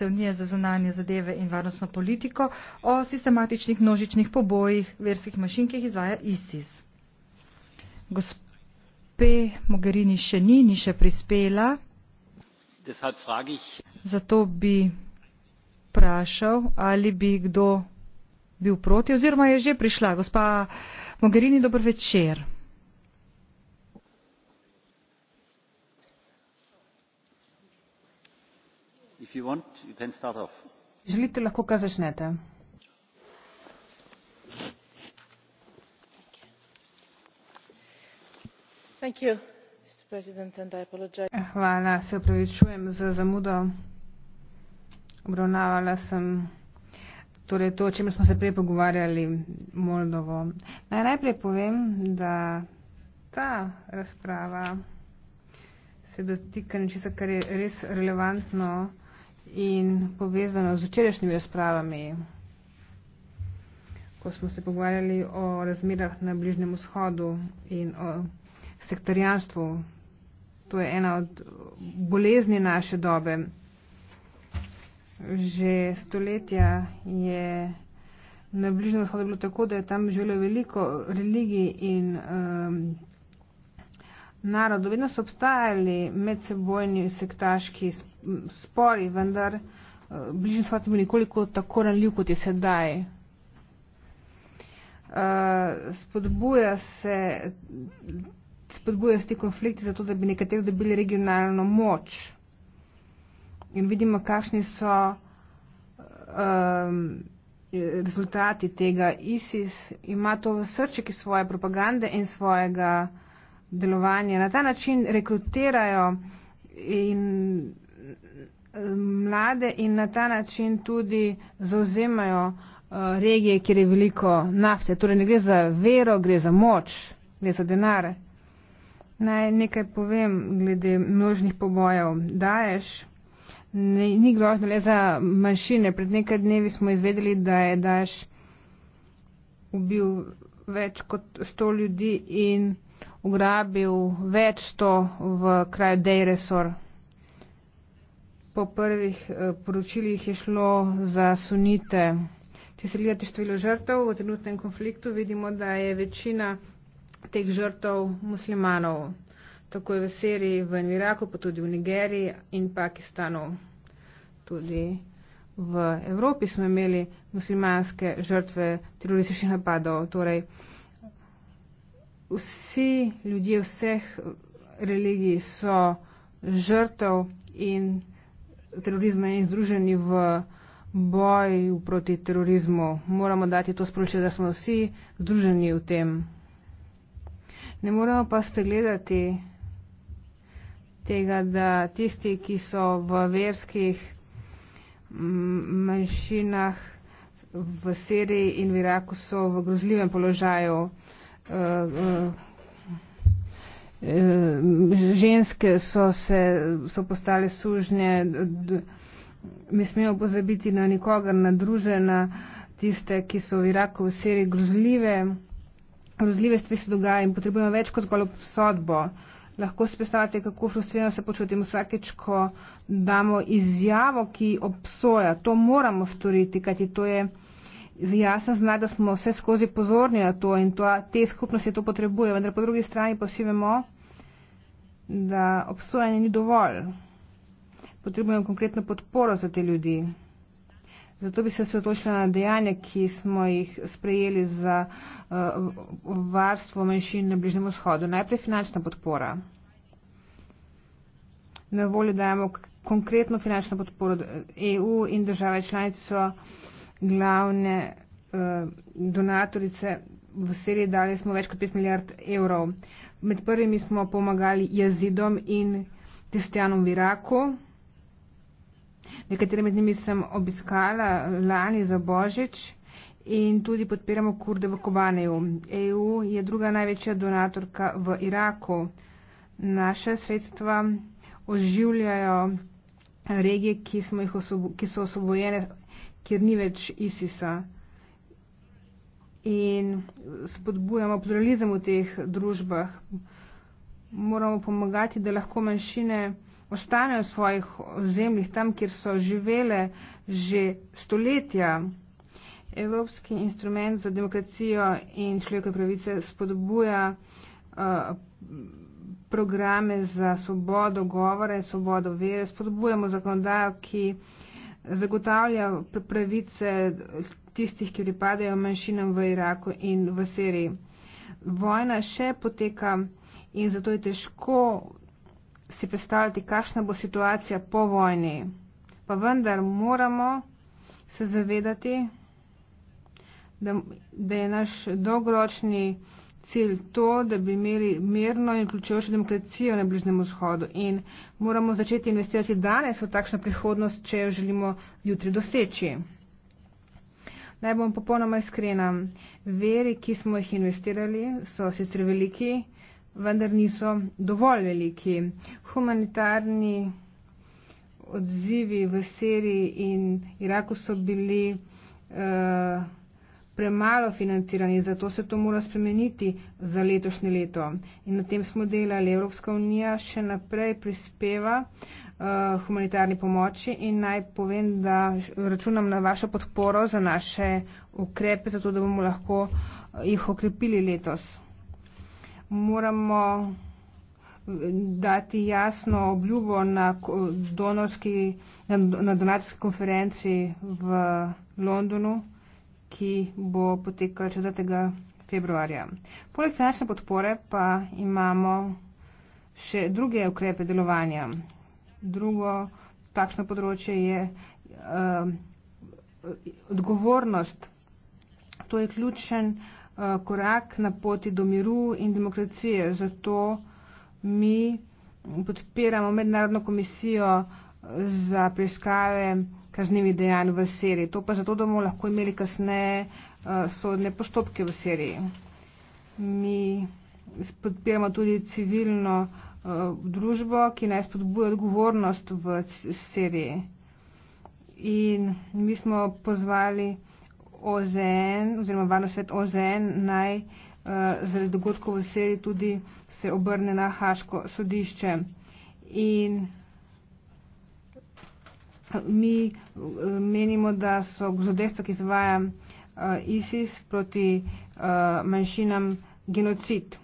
Unije za zunanje zadeve in varnostno politiko o sistematičnih množičnih pobojih verskih mašin, ki jih izvaja ISIS. Gospe Mogherini še ni, ni še prispela. Zato bi vprašal, ali bi kdo bil proti, oziroma je že prišla. Gospa Mogherini, dober večer. Želite, lahko kar začnete. Eh, hvala, se upravičujem za zamudo. Obravnavala sem torej to, o čem smo se prej pogovarjali, Moldovo. Naj najprej povem, da ta razprava se dotika nečesa, kar je res relevantno in povezano z včerajšnjimi razpravami, ko smo se pogovarjali o razmerah na Bližnjem vzhodu in o sektarjanstvu. To je ena od bolezni naše dobe. Že stoletja je na Bližnjem vzhodu bilo tako, da je tam živelo veliko religij in um, narodov. Vedno so obstajali medsebojni sektaški spori, vendar eh, bližnji svet ni bil nikoli tako ranljiv, kot je sedaj. Eh, spodbuja se spodbujajo ti konflikti zato, da bi nekateri dobili regionalno moč. In vidimo, kakšni so um, rezultati tega. ISIS ima to v srčeki svoje propagande in svojega delovanje. Na ta način rekrutirajo in eh, mlade in na ta način tudi zauzemajo eh, regije, kjer je veliko nafte. Torej ne gre za vero, gre za moč, gre za denare. Naj nekaj povem glede množnih pobojev. Daješ ni grožno le za manjšine. Pred nekaj dnevi smo izvedeli, da je Daješ ubil več kot sto ljudi in ugrabil več sto v kraju Dejresor. Po prvih eh, poročilih je šlo za sunite. Če se gledate število žrtev v trenutnem konfliktu, vidimo, da je večina teh žrtev muslimanov. Tako je v Siriji, v Iraku, pa tudi v Nigeriji in Pakistanu. Tudi v Evropi smo imeli muslimanske žrtve terorističnih napadov. Torej, uh, vsi ljudje vseh religij so žrtev in terorizma in združeni v boju proti terorizmu. Moramo dati to sporočilo, da smo vsi združeni v tem. Ne moramo pa spregledati tega, da tisti, ki so v verskih manjšinah v Siriji in v Iraku, so v grozljivem položaju ženske so se, so postale sužnje, ne smemo pozabiti na nikogar, na družena, tiste, ki so v Iraku v seriji grozljive, grozljive stvari se dogajajo in potrebujemo več kot zgolj obsodbo. Lahko si predstavljate, kako frustrirano se počutimo vsakeč, ko damo izjavo, ki obsoja. To moramo storiti, kajti to je jasno zna, da smo vse skozi pozorni na to in to, te skupnosti to potrebuje, vendar po drugi strani pa vsi vemo, da obsojanje ni dovolj. Potrebujemo konkretno podporo za te ljudi. Zato bi se osvetočila na dejanja, ki smo jih sprejeli za uh, varstvo manjšin na Bližnjem vzhodu. Najprej finančna podpora. Na voljo dajemo konkretno finančno podporo. Eh, EU in države članice so glavne uh, donatorice v Siriji, dali smo več kot 5 milijard evrov. Med prvimi smo pomagali jezidom in kristijanom v Iraku. Nekatere med njimi sem obiskala lani za Božič in tudi podpiramo kurde v Kobaneju. EU je druga največja donatorka v Iraku. Naše sredstva oživljajo regije, ki, ki so osvobojene kjer ni več ISISA. In spodbujamo pluralizem v teh družbah. Moramo pomagati, da lahko manjšine ostanejo v svojih zemljih, tam, kjer so živele že stoletja. Evropski instrument za demokracijo in človekove pravice spodbuja uh, programe za svobodo govore, svobodo vere, spodbujamo zakonodajo, ki uh, zagotavlja pravice tistih, ki pripadajo manjšinam v Iraku in v Siriji. Vojna še poteka in zato je težko si predstavljati, kakšna bo situacija po vojni. Pa vendar moramo se zavedati, da, da je naš dolgoročni cilj to, da bi imeli mirno in vključujočo demokracijo na Bližnjem vzhodu. In moramo začeti investirati danes v takšno prihodnost, če jo želimo jutri doseči. Naj bom popolnoma iskrena. Veri, ki smo jih investirali, so sicer veliki, vendar niso dovolj veliki. Humanitarni odzivi v Siriji in Iraku so bili. Uh, premalo financirani, zato se to mora spremeniti za letošnje leto. In na tem smo delali. Evropska unija še naprej prispeva uh, humanitarni pomoči in naj povem, da računam na vašo podporo za naše ukrepe, zato da bomo lahko eh, jih okrepili letos. Moramo eh, dati jasno obljubo na, donorski, na donatorski konferenci v Londonu ki bo potekala 4. februarja. Poleg finančne podpore pa imamo še druge ukrepe delovanja. Drugo takšno področje je uh, odgovornost. To je ključen uh, korak na poti do miru in demokracije. Zato mi podpiramo mednarodno komisijo eh, za preiskave kaznjivi dejanj v Siriji. To pa zato, da bomo lahko imeli kasneje uh, sodne postopke v Siriji. Mi podpiramo tudi civilno uh, družbo, ki naj spodbuja odgovornost v Siriji. In mi smo pozvali OZN oziroma Varno svet OZN naj uh, zaradi dogodkov v Siriji tudi se obrne na Haško sodišče. In mi eh, menimo, da so grozodejstva, ki izvaja uh, ISIS proti uh, manjšinam, genocid.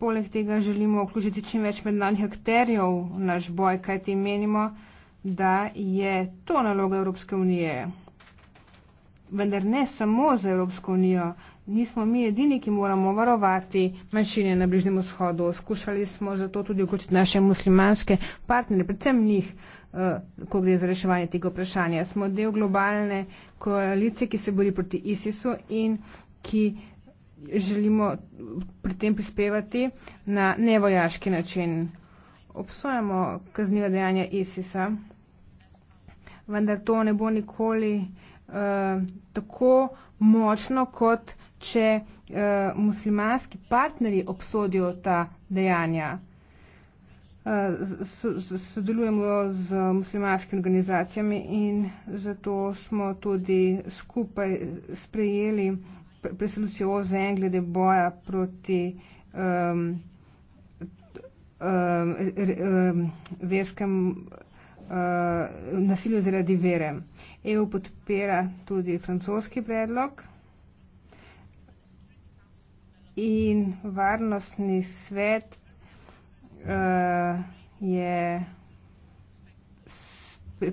Poleg tega želimo vključiti čim več mednarodnih akterjev v naš boj, kajti menimo, da je to naloga Evropske unije. Vendar ne samo za Evropsko unijo. Nismo mi edini, ki moramo varovati manjšine na Bližnjem vzhodu. Skušali smo zato tudi vključiti naše muslimanske partnere, predvsem njih. Eh, ko gre za reševanje tega vprašanja. Smo del globalne koalicije, ki se bori proti ISIS-u in ki želimo pri tem prispevati na nevojaški način. Obsojamo kaznjiva dejanja ISIS-a, vendar to ne bo nikoli uh, tako močno, kot če uh, muslimanski partnerji obsodijo ta dejanja sodelujemo z muslimanskimi organizacijami in zato smo tudi skupaj sprejeli presolucijo OZN glede boja proti um, um, um verskem uh, nasilju zaradi vere. EU podpira tudi francoski predlog in varnostni svet uh, je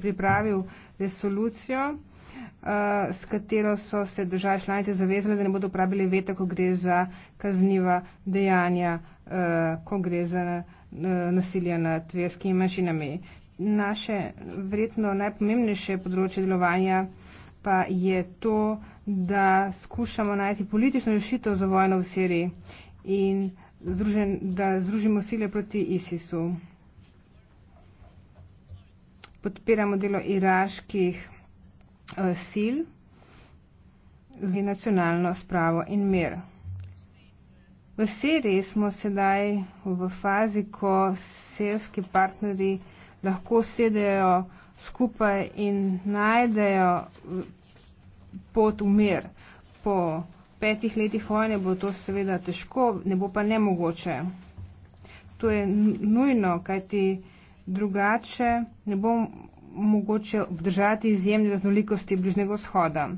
pripravil resolucijo, uh, s katero so se države članice zavezale, da ne bodo uporabili veta, ko gre za kazniva dejanja, uh, ko gre za uh, nasilje nad verskimi manjšinami. Naše verjetno najpomembnejše področje delovanja pa je to, da skušamo najti politično rešitev za vojno v Siriji in združen, da združimo sile proti ISIS-u. Podpiramo delo iraških uh, sil z nacionalno spravo in mir. V Siriji smo sedaj v fazi, ko serski partnerji lahko sedejo skupaj in najdejo eh, pot v mir po petih letih vojne bo to seveda težko, ne bo pa nemogoče. To je nujno, kajti drugače ne bo mogoče obdržati izjemne raznolikosti Bližnjega vzhoda.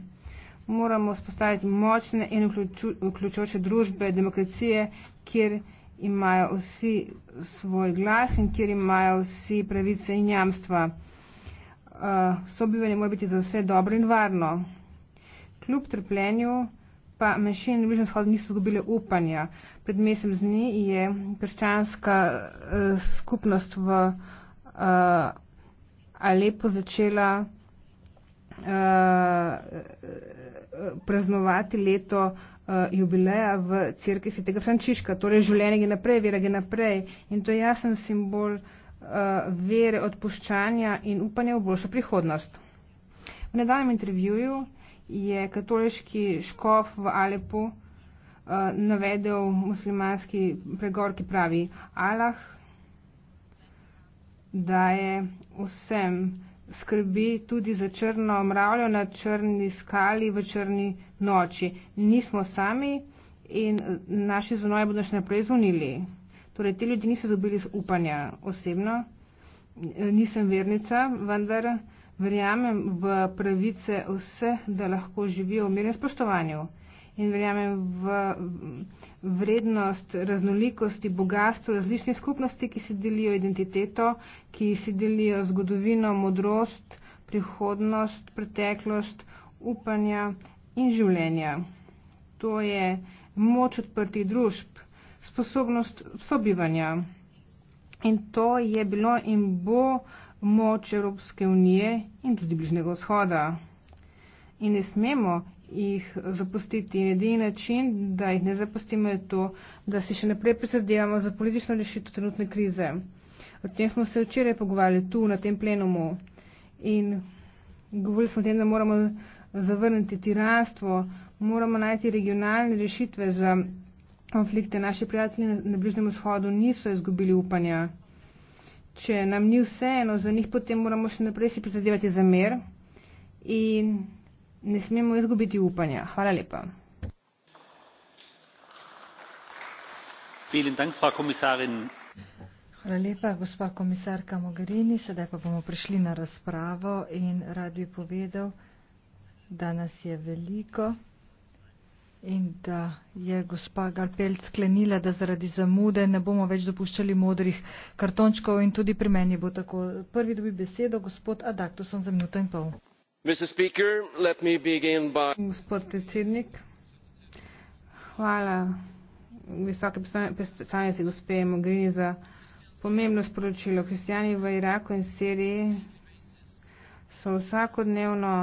Moramo spostaviti močne in vključujoče družbe, demokracije, kjer imajo vsi svoj glas in kjer imajo vsi pravice in jamstva. Uh, sobivanje mora biti za vse dobro in varno. Kljub trpljenju pa manjšine na Bližnem vzhodu niso dobile upanja. Pred mesec dni je krščanska uh, skupnost v uh, eh, Alepo začela uh, praznovati leto uh, jubileja v crkvi svetega Frančiška, torej življenje gre naprej, vera gre naprej in to je jasen simbol uh, vere, odpuščanja in upanja v boljšo prihodnost. V nedavnem intervjuju je katoliški škof v Alepu eh, navedel muslimanski pregor, ki pravi Allah, da je vsem skrbi tudi za črno mravljo na črni skali v črni noči. Nismo sami in naši zvonoje bodo še naprej zvonili. Torej, te ljudi niso dobili upanja osebno. Nisem vernica, vendar verjamem v pravice vse, da lahko živijo v mirnem spoštovanju in verjamem v vrednost raznolikosti, bogatstvo različnih skupnosti, ki si delijo identiteto, ki si delijo zgodovino, modrost, prihodnost, preteklost, upanja in življenja. To je moč odprtih družb, sposobnost sobivanja. In to je bilo in bo uh, moč Evropske unije in tudi Bližnjega vzhoda. In ne smemo jih zapustiti. In edini način, da jih ne zapustimo, je to, da si še naprej prizadevamo za politično rešitev trenutne krize. O tem smo se včeraj pogovarjali tu na tem plenumu in govorili smo o tem, da moramo zavrniti tiranstvo, moramo najti regionalne rešitve za konflikte. Naši prijatelji na Bližnjem vzhodu niso izgubili upanja če nam ni vseeno za njih, potem moramo še naprej si prizadevati za mir in ne smemo izgubiti upanja. Hvala lepa. Hvala lepa, gospa komisarka Mogherini. Sedaj pa bomo prišli na razpravo in rad bi povedal, da nas je veliko. In da je gospa Garpel sklenila, da zaradi zamude ne bomo več dopuščali modrih kartončkov in tudi pri meni bo tako. Prvi dobi besedo gospod Adaktuson za minuto in pol. Speaker, by... Gospod predsednik, hvala visoke predstavnice gospe Mogrini za pomembno sporočilo. Kristijani v Iraku in Siriji so vsakodnevno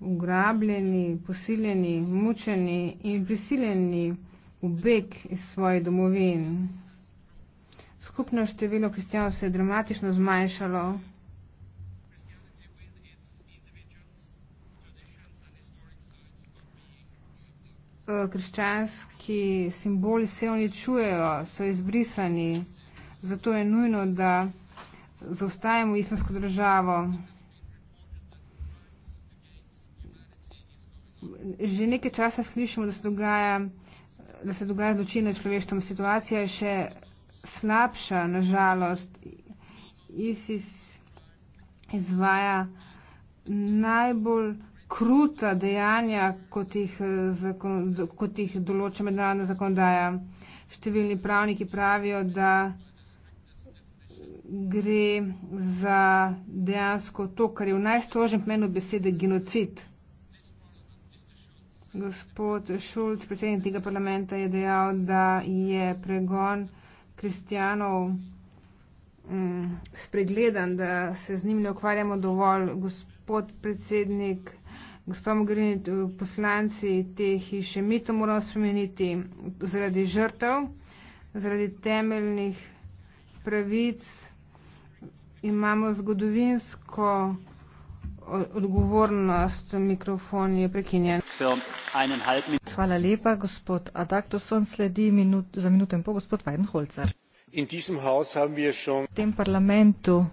ugrabljeni, posiljeni, mučeni in prisiljeni v beg iz svojih domovin. Skupno število kristjanov se je dramatično zmanjšalo. E, krščanski simboli se uničujejo, so izbrisani, zato je nujno, da zaustavimo islamsko državo. že nekaj časa slišimo, da se dogaja, da se dogaja zločine človeštvom. Situacija je še slabša, nažalost. ISIS izvaja najbolj kruta dejanja, kot jih, eh, zakon, kot jih določa mednarodna zakonodaja. Številni pravniki pravijo, da gre za dejansko to, kar je v najstrožjem pomenu besede genocid. Gospod Šulc, predsednik tega parlamenta, je dejal, da je pregon kristijanov eh, spregledan, da se z njim ne ukvarjamo dovolj. Gospod predsednik, gospod Mogherini, poslanci te hiše, mi to moramo spremeniti zaradi žrtev, zaradi temeljnih pravic. Imamo zgodovinsko odgovornost mikrofon je prekinjen. Hvala lepa, gospod Adaktuson. Sledi minut, za minuto in pol gospod Weidenholzer. V tem parlamentu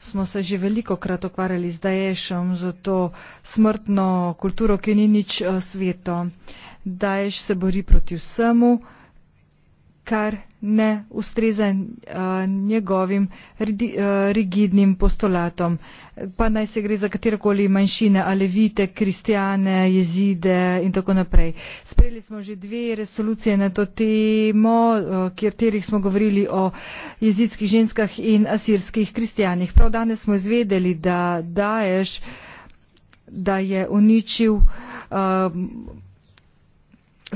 smo se že veliko krat ukvarjali z Daješom, z to smrtno kulturo, ki ni nič eh, sveto. Daješ se bori proti vsemu kar ne ustreza eh, njegovim eh, rigidnim postolatom. Pa naj se gre za katerokoli manjšine, alevite, kristijane, jezide in tako naprej. Sprejeli smo že dve resolucije na to temo, eh, kjerterih smo govorili o jezidskih ženskah in asirskih kristijanih. Prav danes smo izvedeli, da daješ, da je uničil um,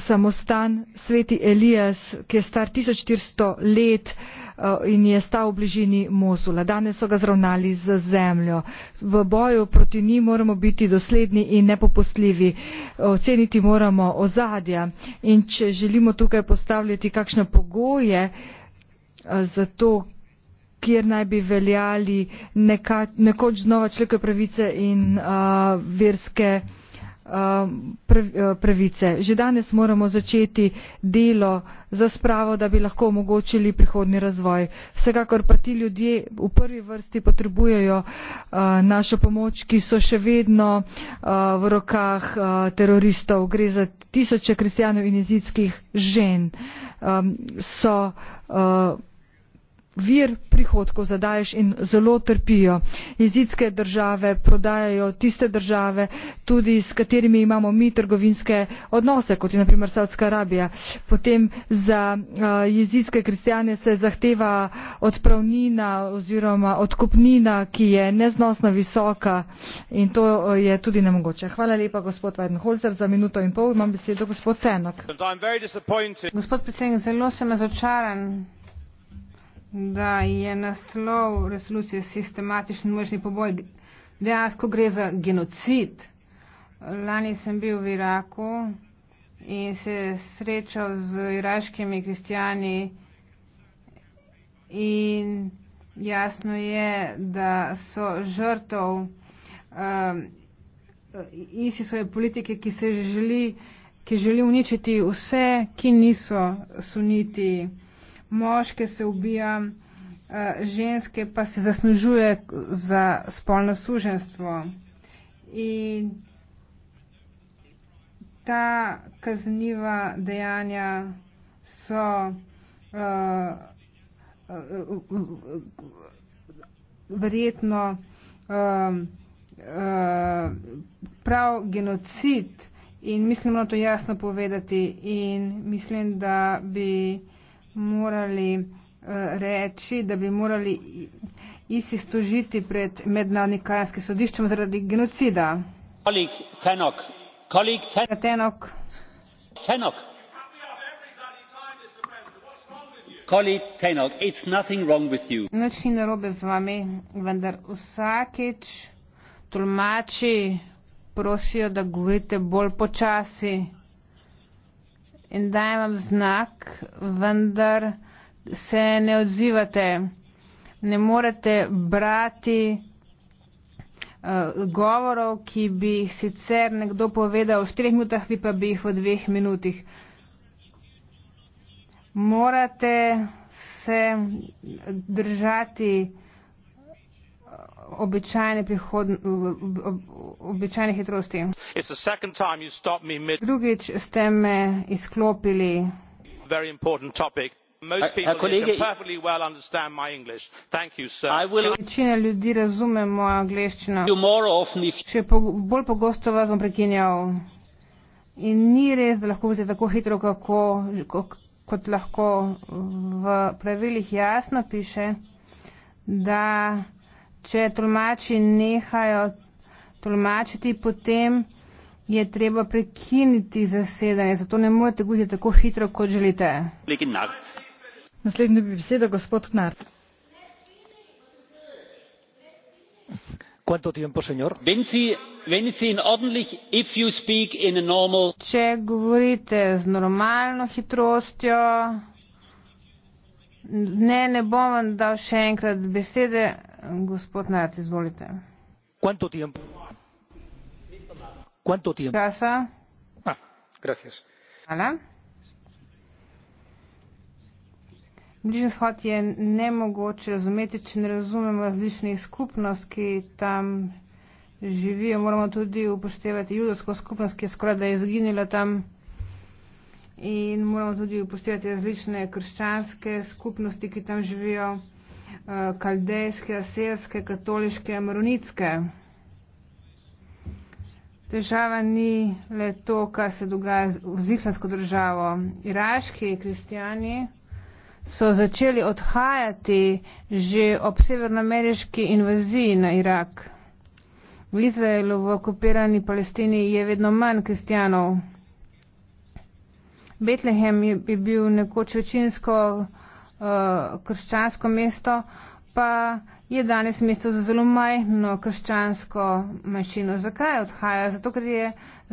samostan sveti Elijas, ki je star 1400 let eh, in je stal v bližini Mosula. Danes so ga zravnali z zemljo. V boju proti njim moramo biti dosledni in nepopustljivi. Oceniti moramo ozadja in če želimo tukaj postavljati kakšne pogoje eh, za to, kjer naj bi veljali neka, nekoč znova človekove pravice in a, eh, verske. Um, uh, pravice. Že danes moramo začeti delo za spravo, da bi lahko omogočili prihodni razvoj. Vsekakor pa ti ljudje v prvi vrsti potrebujejo uh, našo pomoč, ki so še vedno uh, v rokah teroristov. Gre za tisoče kristijanov in jezidskih žen. Um, so vir prihodkov za daesh in zelo trpijo. jezidske države prodajajo tiste države tudi s katerimi imamo mi trgovinske odnose kot je na primer savdska arabija. potem za eh, jezidske kristjane se zahteva odpravnina oziroma odkupnina ki je neznosno visoka in to eh, je tudi nemogoče. hvala lepa gospod weidenholzer za minuto in pol imam besedo gospod tannock. gospod predsednik zelo sem razočaran da je naslov resolucije sistematični možni poboj. Dejansko gre za genocid. Lani sem bil v Iraku in se srečal z iraškimi kristijani in jasno je, da so žrtov um, isi svoje politike, ki se želi, ki želi uničiti vse, ki niso suniti moške se ubija, eh, ženske pa se zaslužuje za spolno suženstvo. In ta kazniva dejanja so uh, verjetno uh, uh, prav genocid. In mislim, da to jasno povedati in mislim, da bi morali eh, reči, da bi morali isi stožiti pred mednarodnim kajanskim sodiščem zaradi genocida. Ja, Nič ni narobe z vami, vendar vsakič tolmači prosijo, da govorite bolj počasi in dajem znak, vendar se ne odzivate. Ne morete brati uh, govorov, ki bi jih sicer nekdo povedal v treh minutah, vi pa bi jih v dveh minutih. Morate se držati običajne običajne hitrosti. Drugič ste me izklopili. Večina ljudi razume mojo angliščino. Če bolj pogosto vas bom prekinjal. In ni res, da lahko vidite tako hitro, kako, kot lahko v pravilih jasno piše, da če tolmači nehajo tolmačiti, potem je treba prekiniti zasedanje. Zato ne morete govoriti tako hitro, kot želite. Naslednji bi beseda gospod Knart. Če govorite z normalno hitrostjo, ne, ne bom vam dal še enkrat besede. Gospod Merc, izvolite. ¿Cuánto tiempo? ¿Cuánto tiempo? Casa. Ah, gracias. Hvala. Bližnji shod je nemogoče razumeti, če ne razumemo različnih skupnosti, ki tam živijo. Moramo tudi upoštevati judovsko skupnost, ki je skoraj da izginila tam. In moramo tudi upoštevati različne krščanske skupnosti, ki tam živijo. Eh, kaldejske, aselske, katoliške, maronitske. Težava ni le to, kar se dogaja z islamsko državo. Iraški kristijani so začeli odhajati že ob severnoameriški invaziji na Irak. V Izraelu, v okupirani Palestini je vedno manj kristijanov. Betlehem je bil nekoč večinsko Eh, krščansko mesto, pa je danes mesto za zelo majhno krščansko manjšino. Zakaj odhaja? Zato, ker je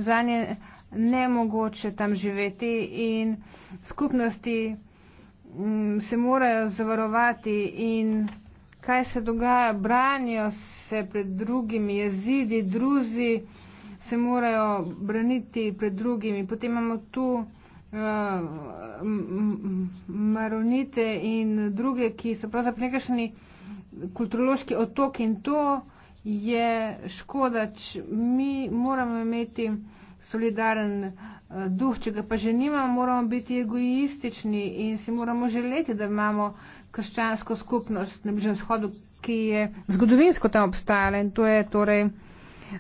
za nje nemogoče tam živeti in skupnosti mm, se morajo zavarovati in kaj se dogaja, branijo se pred drugimi jezidi, druzi se morajo braniti pred drugimi. Potem imamo tu maronite in druge, ki so pravzaprav nekakšni kulturološki otok in to je škoda, če mi moramo imeti solidaren eh, duh, če ga pa že nimamo, moramo biti egoistični in si moramo želeti, da imamo krščansko skupnost na Bližnem shodu, ki je zgodovinsko tam obstajala in to je torej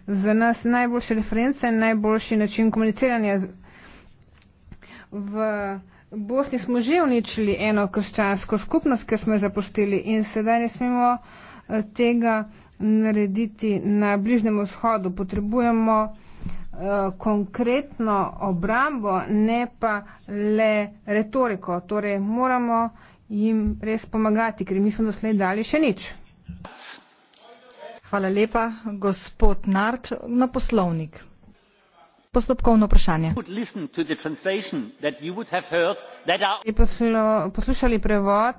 za nas najboljša referenca in najboljši način komuniciranja. Z, v Bosni smo že uničili eno krščansko skupnost, ki smo jo zapustili in sedaj ne smemo eh, tega narediti na Bližnem vzhodu. Potrebujemo eh, konkretno obrambo, ne pa le retoriko. Torej, moramo jim res pomagati, ker nismo doslej dali še nič. Hvala lepa, gospod Nart, na poslovnik postopkovno vprašanje poslušali prevod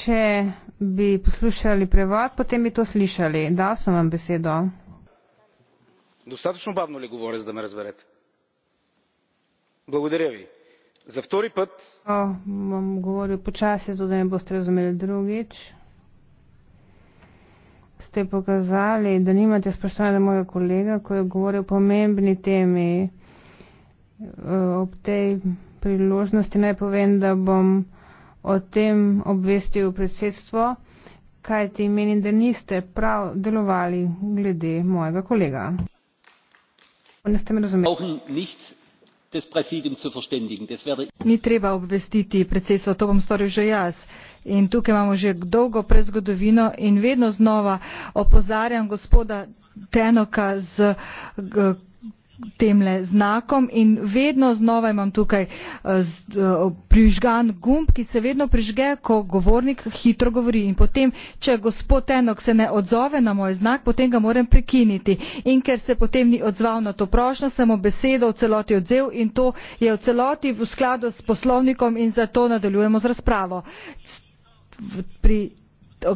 če bi poslušali prevod potem bi to slišali dal sem vam besedo достатъчно бавно ли говоря за да ме разберете благодаря ви за втори път. говорил почаси за да ме бъдете разбрали другич ste pokazali, da nimate spoštovanja mojega kolega, ko je govoril o pomembni temi. Ob tej priložnosti naj povem, da bom o tem obvestil predsedstvo, kaj ti menim, da niste prav delovali glede mojega kolega. Ne ste me razumeli. Ni treba obvestiti predsedstvo, to bom storil že jaz in tukaj imamo že dolgo prezgodovino in vedno znova opozarjam gospoda tannocka s temle znakom in vedno znova imam tukaj eh, eh, prižgan gumb ki se vedno prižge ko govornik hitro govori in potem če gospod tannock se ne odzove na moj znak potem ga moram prekiniti in ker se potem ni odzval na to prošnjo sem mu besedo v celoti odvzel in to je v celoti v skladu s poslovnikom in zato nadaljujemo z razpravo pri,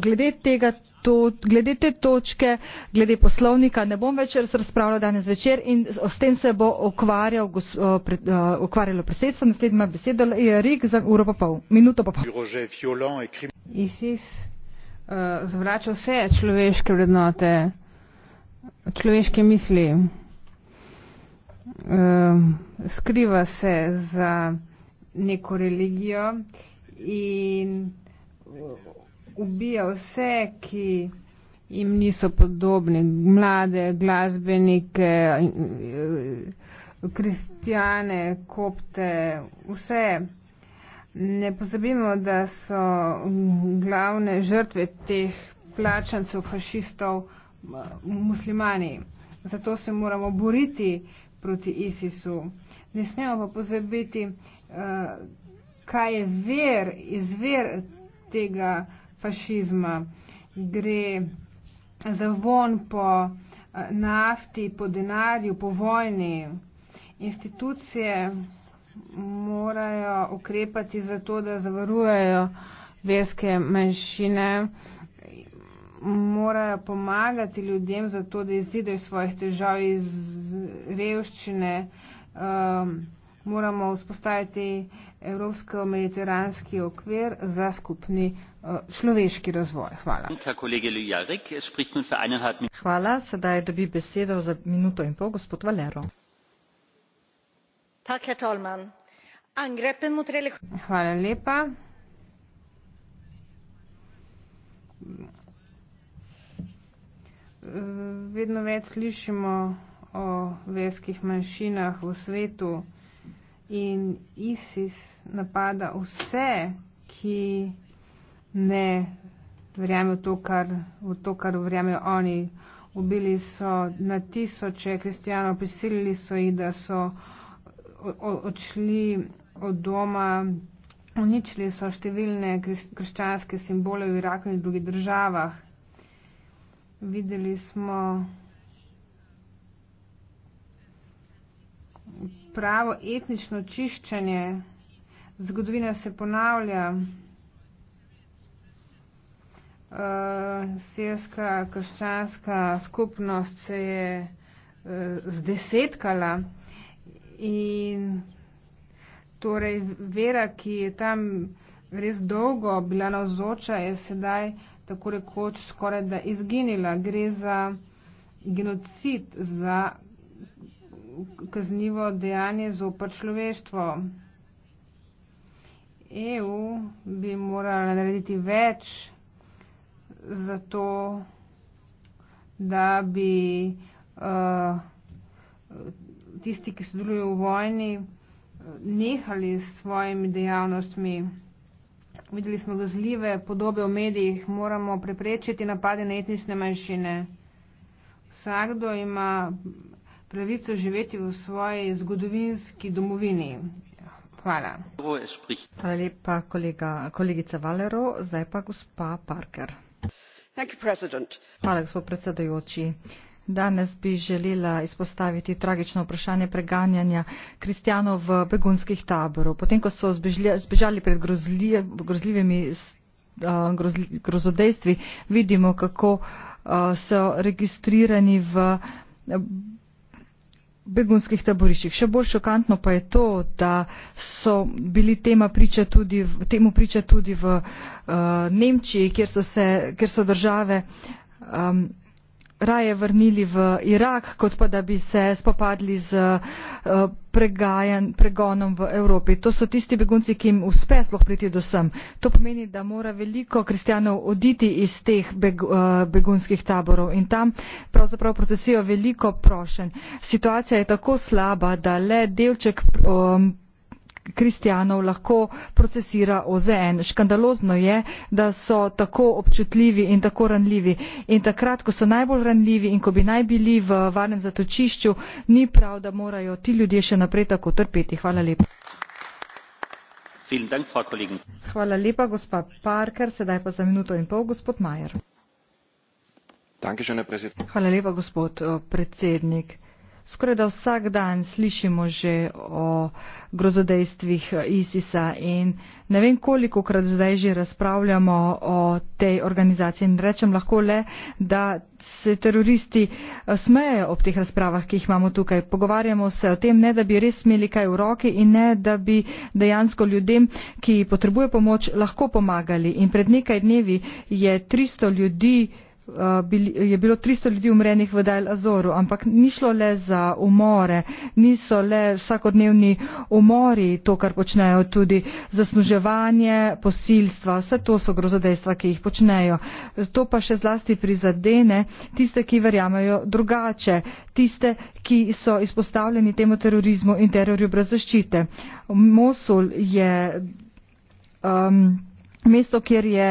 glede tega, to, glede te točke, glede poslovnika ne bom več razpravljal danes večer in s tem se bo ukvarjal, uh, pre, uh, ukvarjalo predsedstvo. Naslednja beseda je Rik za uro pa pol, minuto pa pol. ISIS uh, zavrača vse človeške vrednote, človeške misli. Uh, skriva se za neko religijo in ubija vse, ki jim niso podobni, mlade, glasbenike, kristijane, kopte, vse. Ne pozabimo, da so glavne žrtve teh plačancev, fašistov, muslimani. Zato se moramo boriti proti ISIS-u. Ne smemo pa pozabiti, eh, kaj je ver, izver tega fašizma. Gre za von po eh, nafti, po denarju, po vojni. Institucije morajo ukrepati za to, da zavarujejo verske manjšine, morajo pomagati ljudem za to, da izidejo svojih težav iz revščine. Um, moramo vzpostaviti uh, evropsko-mediteranski okvir za skupni eh, človeški razvoj. Hvala. Hvala. Sedaj dobi besedo za minuto in pol gospod Valero. Hvala lepa. Vedno več slišimo o verskih manjšinah v svetu in ISIS napada vse, ki ne verjamejo to, kar, v to, kar verjamejo oni. Ubili so na tisoče kristijanov, prisilili so jih, da so odšli od doma, uničili so številne krščanske simbole v Iraku in drugih državah. Videli smo pravo etnično čiščenje. Zgodovina se ponavlja. Uh, Sirska krščanska skupnost se je uh, zdesetkala in torej vera, ki je tam res dolgo bila navzoča, je sedaj tako rekoč skoraj da izginila. Gre za genocid, za kaznivo dejanje zopr človeštvo. EU bi morala narediti več za to, da bi uh, tisti, ki sodelujo v vojni, nehali s svojimi dejavnostmi. Videli smo razljive podobe v medijih, moramo preprečiti napade na etnične manjšine. Vsakdo ima pravico živeti v svoji zgodovinski domovini. Hvala. Hvala lepa, kolega, kolegica Valero, zdaj pa gospa Parker. Hvala, gospod predsedajoči. Danes bi želela izpostaviti tragično vprašanje preganjanja kristjanov v begunskih taborov. Potem, ko so zbežali, zbežali pred grozlije, grozljivimi uh, grozli, grozodejstvi, vidimo, kako uh, so registrirani v begunskih taboriščih. Še bolj šokantno pa je to, da so bili tema priča tudi, temu priča tudi v uh, Nemčiji, kjer so, se, kjer so države um, raje vrnili v irak kot pa da bi se spopadli z eh, pregonom v evropi. to so tisti begunci ki jim uspe sploh priti do sem. to pomeni da mora veliko kristjanov oditi iz teh eh, begunskih taborov in tam pravzaprav procesijo veliko prošenj. situacija je tako slaba da le delček eh, kristijanov lahko procesira ozn. škandalozno je da so tako občutljivi in tako ranljivi in takrat ko so najbolj ranljivi in ko bi naj bili v varnem zatočišču ni prav da morajo ti ljudje še naprej tako trpeti. hvala lepa. Hvala lepa, gospa Parker. Sedaj pa za minuto in pol, gospod Majer. Hvala lepa, gospod eh, predsednik. Skoraj da vsak dan slišimo že o grozodejstvih ISIS-a in ne vem, koliko krat zdaj že razpravljamo o tej organizaciji in rečem lahko le, da se teroristi eh, smejejo ob teh razpravah, ki jih imamo tukaj. Pogovarjamo se o tem, ne da bi res imeli kaj v roki in ne da bi dejansko ljudem, ki potrebujejo pomoč, lahko pomagali. In pred nekaj dnevi je 300 ljudi Eh, je bilo 300 ljudi umrenih v Dajl Azoru, ampak ni šlo le za umore, niso le vsakodnevni umori to, kar počnejo, tudi zasnuževanje, posilstva, vse to so grozodejstva, ki jih počnejo. To pa še zlasti prizadene tiste, ki verjamajo drugače, tiste, ki so izpostavljeni temu terorizmu in terorju brez zaščite. Mosul je. Um, mesto, kjer je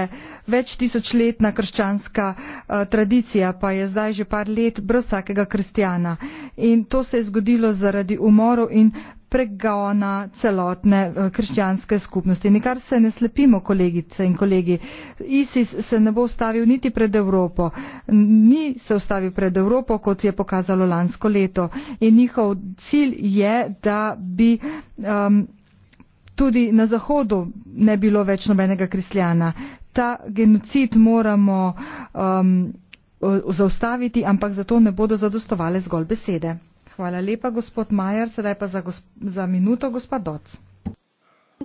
več tisočletna krščanska eh, tradicija, pa je zdaj že par let brez vsakega kristjana. In to se je zgodilo zaradi umorov in pregona celotne eh, krščanske skupnosti. Nikar se ne slepimo, kolegice in kolegi. ISIS se ne bo ustavil niti pred Evropo. Ni se ustavil pred Evropo, kot je pokazalo lansko leto. In njihov cilj je, da bi. Um, tudi na Zahodu ne bilo več nobenega kristjana. Ta genocid moramo um, zaustaviti, ampak zato ne bodo zadostovale zgolj besede. Hvala lepa, gospod Majer, sedaj pa za, gosp za minuto, gospod Doc.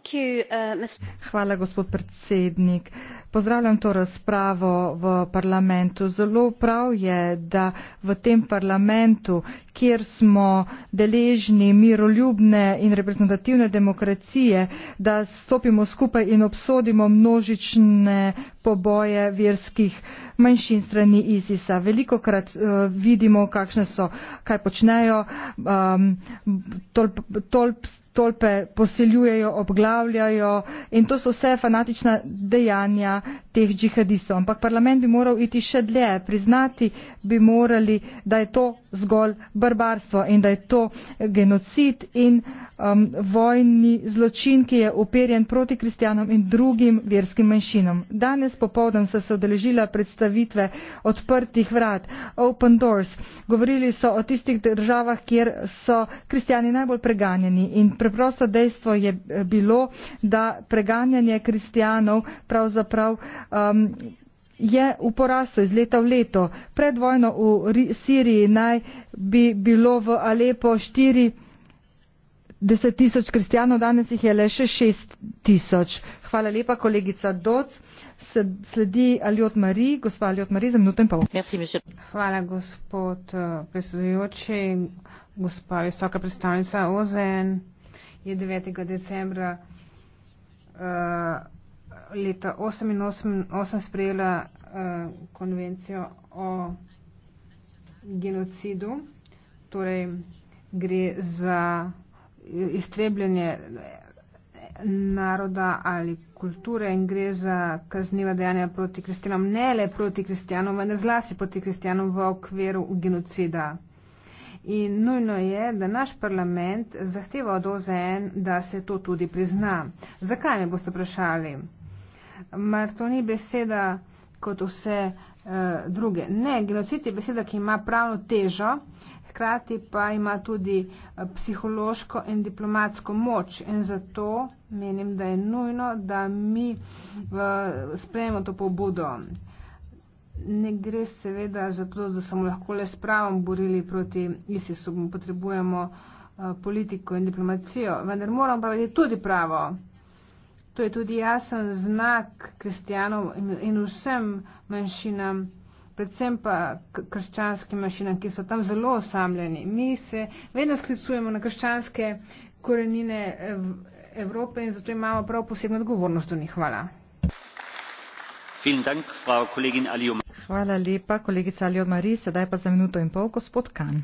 Uh, Hvala, gospod predsednik. Pozdravljam to razpravo v parlamentu. Zelo prav je, da v tem parlamentu, kjer smo deležni miroljubne in reprezentativne demokracije, da stopimo skupaj in obsodimo množične poboje verskih manjšin strani ISIS-a. Veliko krat uh, vidimo, kakšne so, kaj počnejo um, tolp, tolp, tolpe poseljujejo, obglavljajo in to so vse fanatična dejanja teh džihadistov. Ampak parlament bi moral iti še dlje, priznati bi morali, da je to zgolj barbarstvo in da je to genocid in um, vojni zločin, ki je uperjen proti kristjanom in drugim verskim manjšinom. Danes popovdem so se odeležila predstavitve odprtih vrat, open doors. Govorili so o tistih državah, kjer so kristjani najbolj preganjeni in preganjeni preprosto dejstvo je eh, bilo da preganjanje kristjanov pravzaprav um, je v porastu iz leta v leto pred vojno v siriji naj bi bilo v alepo štiri deset tisoč kristjanov danes jih je le še šest tisoč hvala lepa kolegica doc sledi aliot mari gospa aliot mari za minuto in pol hvala gospod eh, predsedujoči gospa visoka predstavnica ozen je 9. decembra uh, leta 88 sprejela uh, konvencijo o genocidu, torej gre za eh, iztrebljanje naroda ali kulture in gre za kazniva dejanja proti kristjanom, ne le proti kristjanom, vendar zlasti proti kristjanom v okviru genocida in nujno je, da naš parlament zahteva od OZN, da se to tudi prizna. Zakaj me boste vprašali? Mar to ni beseda kot vse uh, druge? Ne, genocid je beseda, ki ima pravno težo, hkrati pa ima tudi uh, psihološko in diplomatsko moč in zato menim, da je nujno, da mi uh, eh, sprejemo to pobudo ne gre seveda za to, da smo lahko le s pravom borili proti ISIS-u, potrebujemo eh, politiko in diplomacijo, vendar moramo praviti tudi pravo. To je tudi jasen znak kristijanov in, in vsem manjšinam, predvsem pa krščanskim manjšinam, ki so tam zelo osamljeni. Mi se vedno sklicujemo na krščanske korenine eh, Evrope in zato imamo prav posebno odgovornost do njih. Hvala. Hvala lepa, kolegica Alijo Mari. Sedaj pa za minuto in pol, gospod Kan.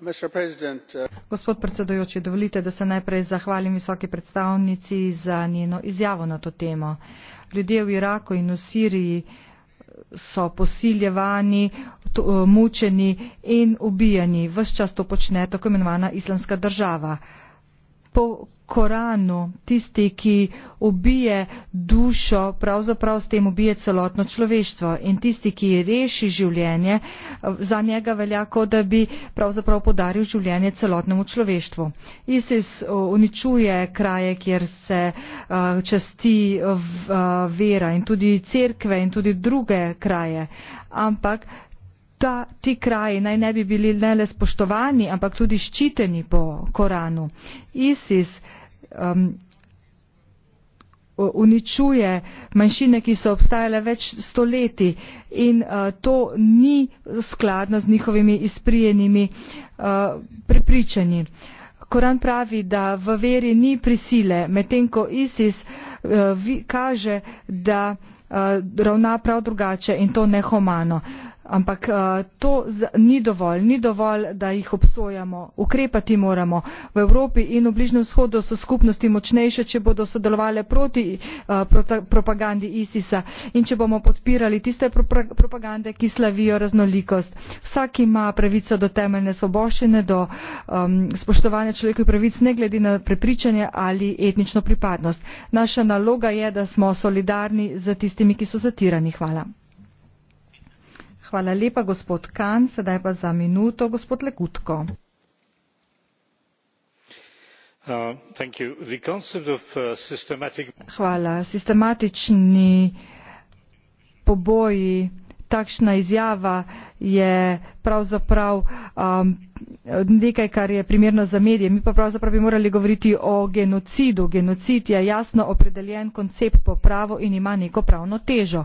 Uh, gospod predsedujoči, dovolite, da se najprej zahvalim visoki predstavnici za njeno izjavo na to temo. Ljudje v Iraku in v Siriji so posiljevani, uh, mučeni in ubijani. Vse čas to počne tako imenovana islamska država po koranu tisti ki ubije dušo pravzaprav s tem ubije celotno človeštvo in tisti ki reši življenje za njega velja kot da bi pravzaprav podaril življenje celotnemu človeštvu isis uničuje kraje kjer se časti vera in tudi cerkve in tudi druge kraje ampak ta, ti kraji naj ne bi bili ne le spoštovani, ampak tudi ščiteni po Koranu. ISIS um, uničuje manjšine, ki so obstajale več stoletij in uh, to ni skladno z njihovimi izprijenimi uh, prepričanji. Koran pravi, da v veri ni prisile, medtem ko ISIS uh, kaže, da uh, ravna prav drugače in to nehomano. Uh, ampak eh, to ni dovolj ni dovolj da jih obsojamo ukrepati moramo v evropi in na bližnjem vzhodu so skupnosti močnejše če bodo sodelovale proti eh, propagandi isisa in če bomo podpirali tiste propagande ki slavijo raznolikost vsak ima pravico do temeljne svoboščine do spoštovanja človekovih pravic ne glede na prepričanje ali etnično pripadnost naša naloga je da smo solidarni s tistimi ki so zatirani hvala Hvala lepa, gospod Kan. Sedaj pa za minuto, gospod Legutko. Uh, of, uh, systematic... Hvala. Sistematični poboji, takšna izjava je pravzaprav. Um, nekaj kar je primerno za medije mi pa pravzaprav bi morali govoriti o genocidu genocid je jasno opredeljen koncept po pravu in ima neko pravno težo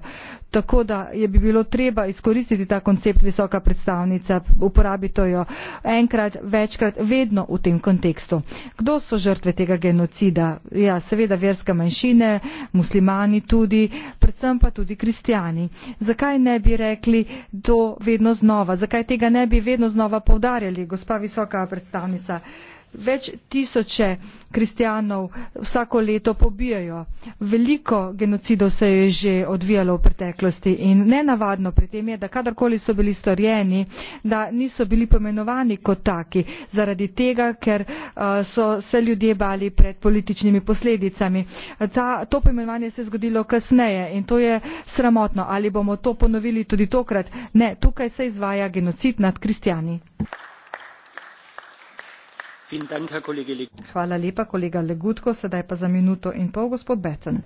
tako da je bi bilo treba izkoristiti ta koncept visoka predstavnica uporabite jo enkrat večkrat vedno v tem kontekstu kdo so žrtve tega genocida ja seveda verske manjšine muslimani tudi predvsem pa tudi kristjani zakaj ne bi rekli to vedno znova zakaj tega ne bi vedno znova poudarjali Italiji, gospa visoka predstavnica. Več tisoče kristijanov vsako leto pobijajo. Veliko genocidov se je že odvijalo v preteklosti in nenavadno pri tem je, da kadarkoli so bili storjeni, da niso bili pomenovani kot taki, zaradi tega, ker so se ljudje bali pred političnimi posledicami. Ta, to pomenovanje se je zgodilo kasneje in to je sramotno. Ali bomo to ponovili tudi tokrat? Ne, tukaj se izvaja genocid nad kristijani. Hvala lepa, kolega Legutko. Sedaj pa za minuto in pol, gospod Becen.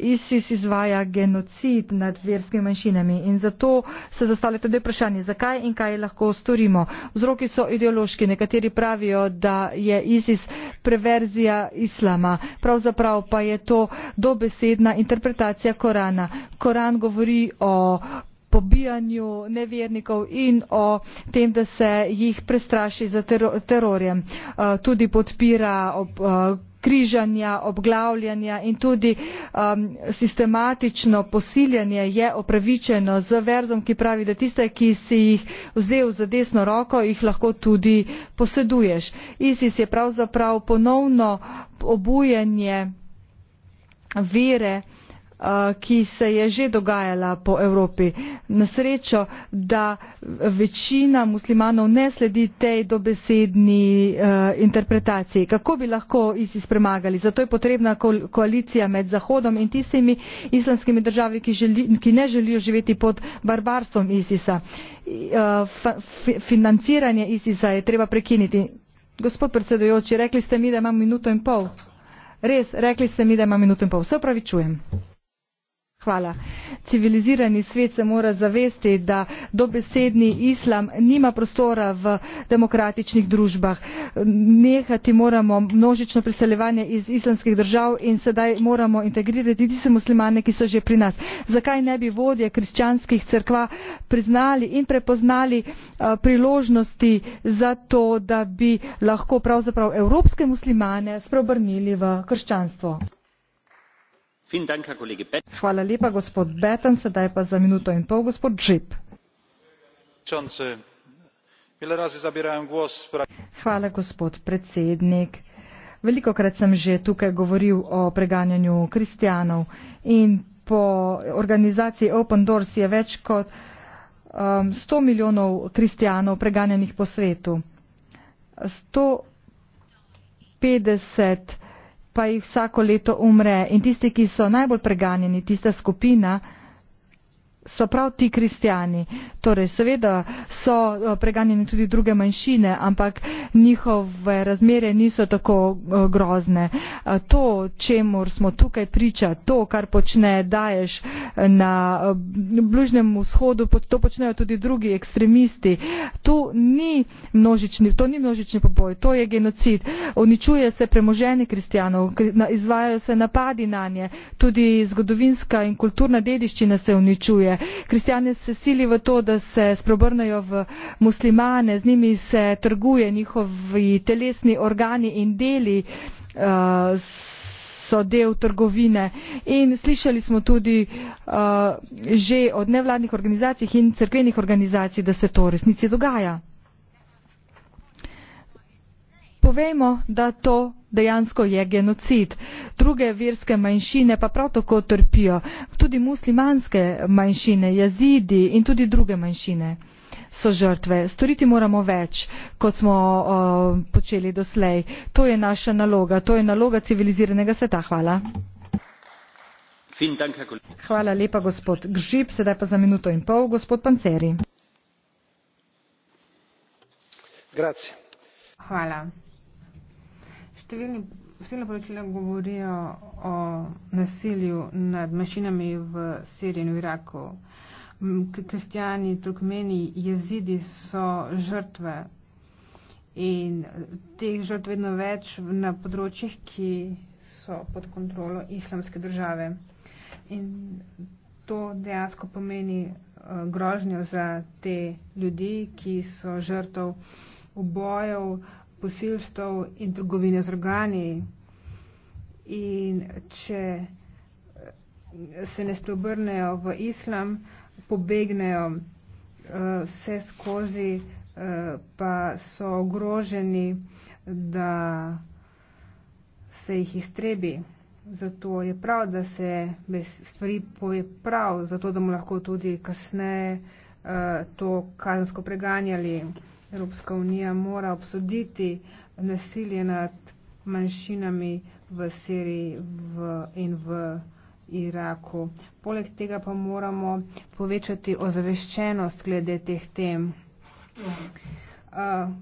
ISIS izvaja genocid nad verskimi manjšinami in zato se zastavlja tudi vprašanje, zakaj in kaj lahko storimo. Vzroki so ideološki. Nekateri pravijo, da je ISIS preverzija islama. Pravzaprav pa je to dobesedna interpretacija Korana. Koran govori o pobijanju nevernikov in o tem da se jih prestraši s terorjem. Uh, tudi podpira uh, križanja obglavljanja in tudi um, sistematično posiljenje je opravičeno z verzom ki pravi da tiste ki si jih vzel za desno roko jih lahko tudi poseduješ. isis je pravzaprav ponovno obujanje vere Eh, ki se je že dogajala po Evropi. Na srečo, da večina muslimanov ne sledi tej dobesedni eh, interpretaciji. Kako bi lahko ISIS premagali? Zato je potrebna koalicija med Zahodom in tistimi islamskimi državami, ki, ki ne želijo živeti pod barbarstvom ISISA. Eh, financiranje ISISA je treba prekiniti. Gospod predsedujoči, rekli ste mi, da imam minuto in pol. Res, rekli ste mi, da imam minuto in pol. Se upravičujem. Hvala. Civilizirani svet se mora zavesti, da dobesedni islam nima prostora v demokratičnih družbah. Nehati moramo množično priseljevanje iz islamskih držav in sedaj moramo integrirati tiste muslimane, ki so že pri nas. Zakaj ne bi vodje krščanskih crkva priznali in prepoznali eh, priložnosti za to, da bi lahko pravzaprav evropske muslimane spreobrnili v krščanstvo? hvala lepa gospod batten sedaj pa za minuto in pol gospod jeep. hvala gospod predsednik velikokrat sem že tukaj govoril o preganjanju kristjanov in po organizaciji open doors je več kot um, sto um, milijonov kristjanov preganjenih po svetu sto petdeset pa jih vsako leto umre in tisti ki so najbolj preganjeni tista skupina so prav ti kristijani. Torej, seveda so eh, preganjene tudi druge manjšine, ampak njihove razmere niso tako eh, grozne. To, čemu smo tukaj priča, to, kar počne Daješ eh, na Bližnjem vzhodu, to počnejo tudi drugi ekstremisti. To ni množični, to ni množični poboj, to je genocid. Uničuje se premoženje kristijanov, izvajajo se napadi na nje, tudi zgodovinska in kulturna dediščina se uničuje je. Kristjane se sili v to, da se sprobrnajo v muslimane, z njimi se trguje njihovi telesni organi in deli. Uh, so del trgovine in slišali smo tudi uh, že od nevladnih organizacij in crkvenih organizacij, da se to v resnici dogaja. Povejmo, da to dejansko je genocid. Druge verske manjšine pa prav tako trpijo, tudi muslimanske manjšine, jazidi in tudi druge manjšine so žrtve. Storiti moramo več, kot smo uh, počeli doslej. To je naša naloga, to je naloga civiliziranega sveta. Hvala. Hvala lepa, gospod Gžip. Sedaj pa za minuto in pol, gospod Panceri. Grazie. Hvala številni, številne poročila govorijo o nasilju nad mašinami v Siriji in v Iraku. Kristijani, turkmeni, jezidi so žrtve in teh žrtv vedno več na področjih, ki so pod kontrolo islamske države. In to dejansko pomeni e, grožnjo za te ljudi, ki so žrtov ubojev, uh, posilstv in trgovine z organi. In če eh, se ne spobrnejo v islam, pobegnejo uh, vse skozi, uh, pa so ogroženi, da se jih iztrebi. Zato je prav, da se stvari poje prav, zato da mu lahko tudi kasneje uh, to kazensko preganjali. Evropska unija mora obsoditi nasilje nad manjšinami v Siriji v, in v Iraku. Poleg tega pa moramo povečati ozaveščenost glede teh tem.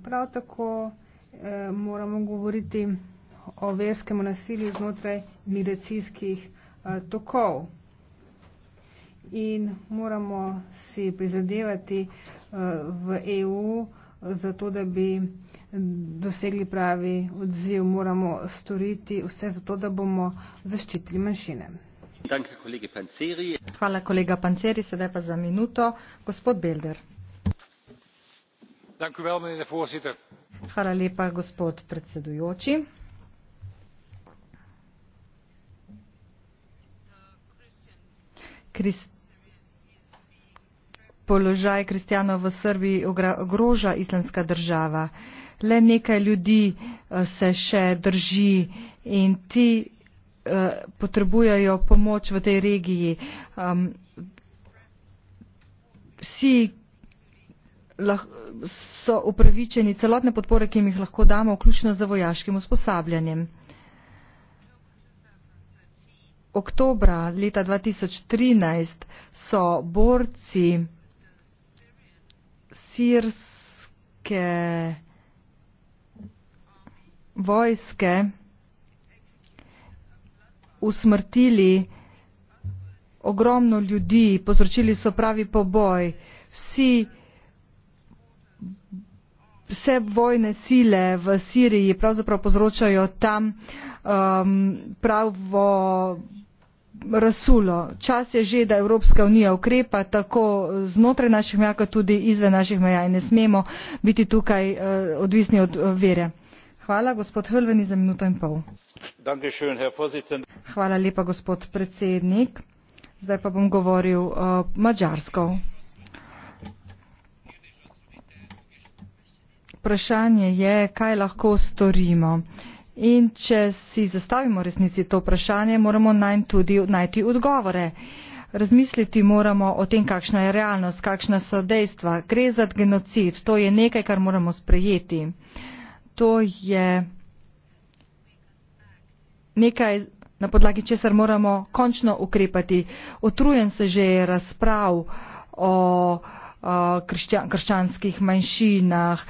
Prav tako e, moramo govoriti o verskem nasilju znotraj migracijskih e, tokov. In moramo si prizadevati e, v EU, zato, da bi dosegli pravi odziv, moramo storiti vse zato, da bomo zaščitili manjšine. Hvala kolega Panceri, sedaj pa za minuto gospod Belder. Hvala lepa gospod predsedujoči. Krist položaj kristijanov v Srbiji ogroža islamska država. Le nekaj ljudi eh, se še drži in ti eh, potrebujejo pomoč v tej regiji. Um, vsi so upravičeni celotne podpore, ki jim jih lahko damo, vključno z vojaškim usposabljanjem. Oktobra leta 2013 so borci sirske vojske usmrtili ogromno ljudi, povzročili so pravi poboj. Vsi, vse vojne sile v Siriji pravzaprav povzročajo tam um, pravo razsulo. čas je že da evropska unija ukrepa tako znotraj naših meja kot tudi izven naših meja in ne smemo biti tukaj eh, odvisni od eh, vere. hvala lepa gospod predsednik. zdaj pa bom govoril eh, madžarsko. vprašanje je kaj lahko storimo. In če si zastavimo resnici to vprašanje, moramo najti tudi najti odgovore. Razmisliti moramo o tem, kakšna je realnost, kakšna so dejstva. Gre za genocid, to je nekaj, kar moramo sprejeti. To je nekaj, na podlagi česar moramo končno ukrepati. Otrujen se že razprav o Eh, krščanskih manjšinah.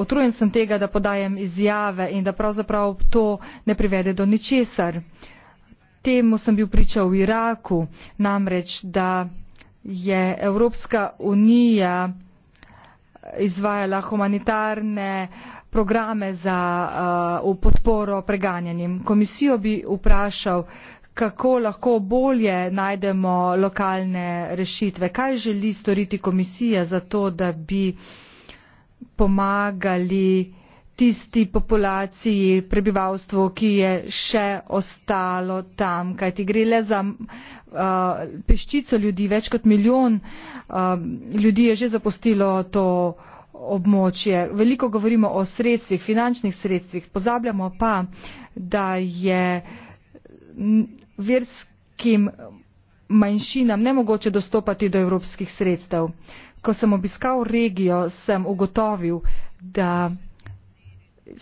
Otrujen eh, sem tega, da podajem izjave in da pravzaprav to ne privede do ničesar. Temu sem bil priča v Iraku, namreč, da je Evropska unija izvajala humanitarne programe za uh, podporo preganjanjem. Komisijo bi vprašal, kako lahko bolje najdemo lokalne rešitve. Kaj želi storiti komisija za to, da bi pomagali tisti populaciji, prebivalstvu, ki je še ostalo tam, kajti gre le za uh, peščico ljudi, več kot milijon uh, ljudi je že zapustilo to območje. Veliko govorimo o sredstvih, finančnih sredstvih, pozabljamo pa, da je verskim manjšinam nemogoče dostopati do evropskih sredstev. Ko sem obiskal regijo, sem ugotovil, da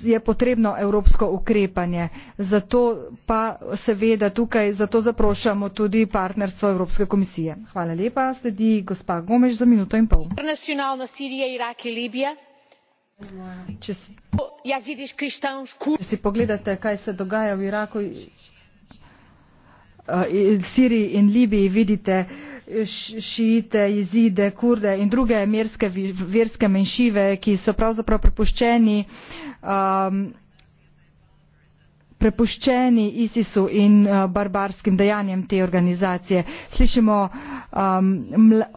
je potrebno evropsko ukrepanje, zato pa seveda tukaj zato zaprošamo tudi partnerstvo Evropske komisije. Hvala lepa. Sledi gospa Gomes za minuto in pol. Če si pogledate, kaj se dogaja v Iraku, Eh, siriji in libiji vidite šiite, jezide, kurde in druge merske, verske menšive, ki so pravzaprav prepuščeni um, prepuščeni ISIS-u in eh, barbarskim dejanjem te organizacije. Slišimo um,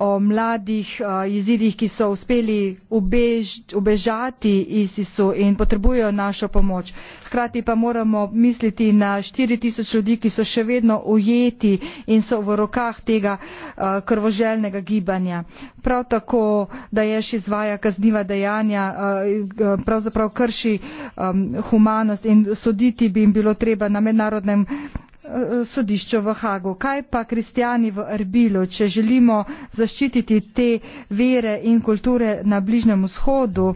o mladih uh, jezidih, ki so uspeli ubež, ubežati ISIS-u in potrebujejo našo pomoč. Hkrati pa moramo misliti na 4000 ljudi, ki so še vedno ujeti in so v rokah tega uh, krvoželjnega gibanja. Prav tako, da ješ izvaja kazniva dejanja, uh, pravzaprav krši um, humanost in soditi bi potem bilo treba na mednarodnem eh, sodišču v Hagu. Kaj pa kristijani v Erbilu, če želimo zaščititi te vere in kulture na Bližnjem vzhodu,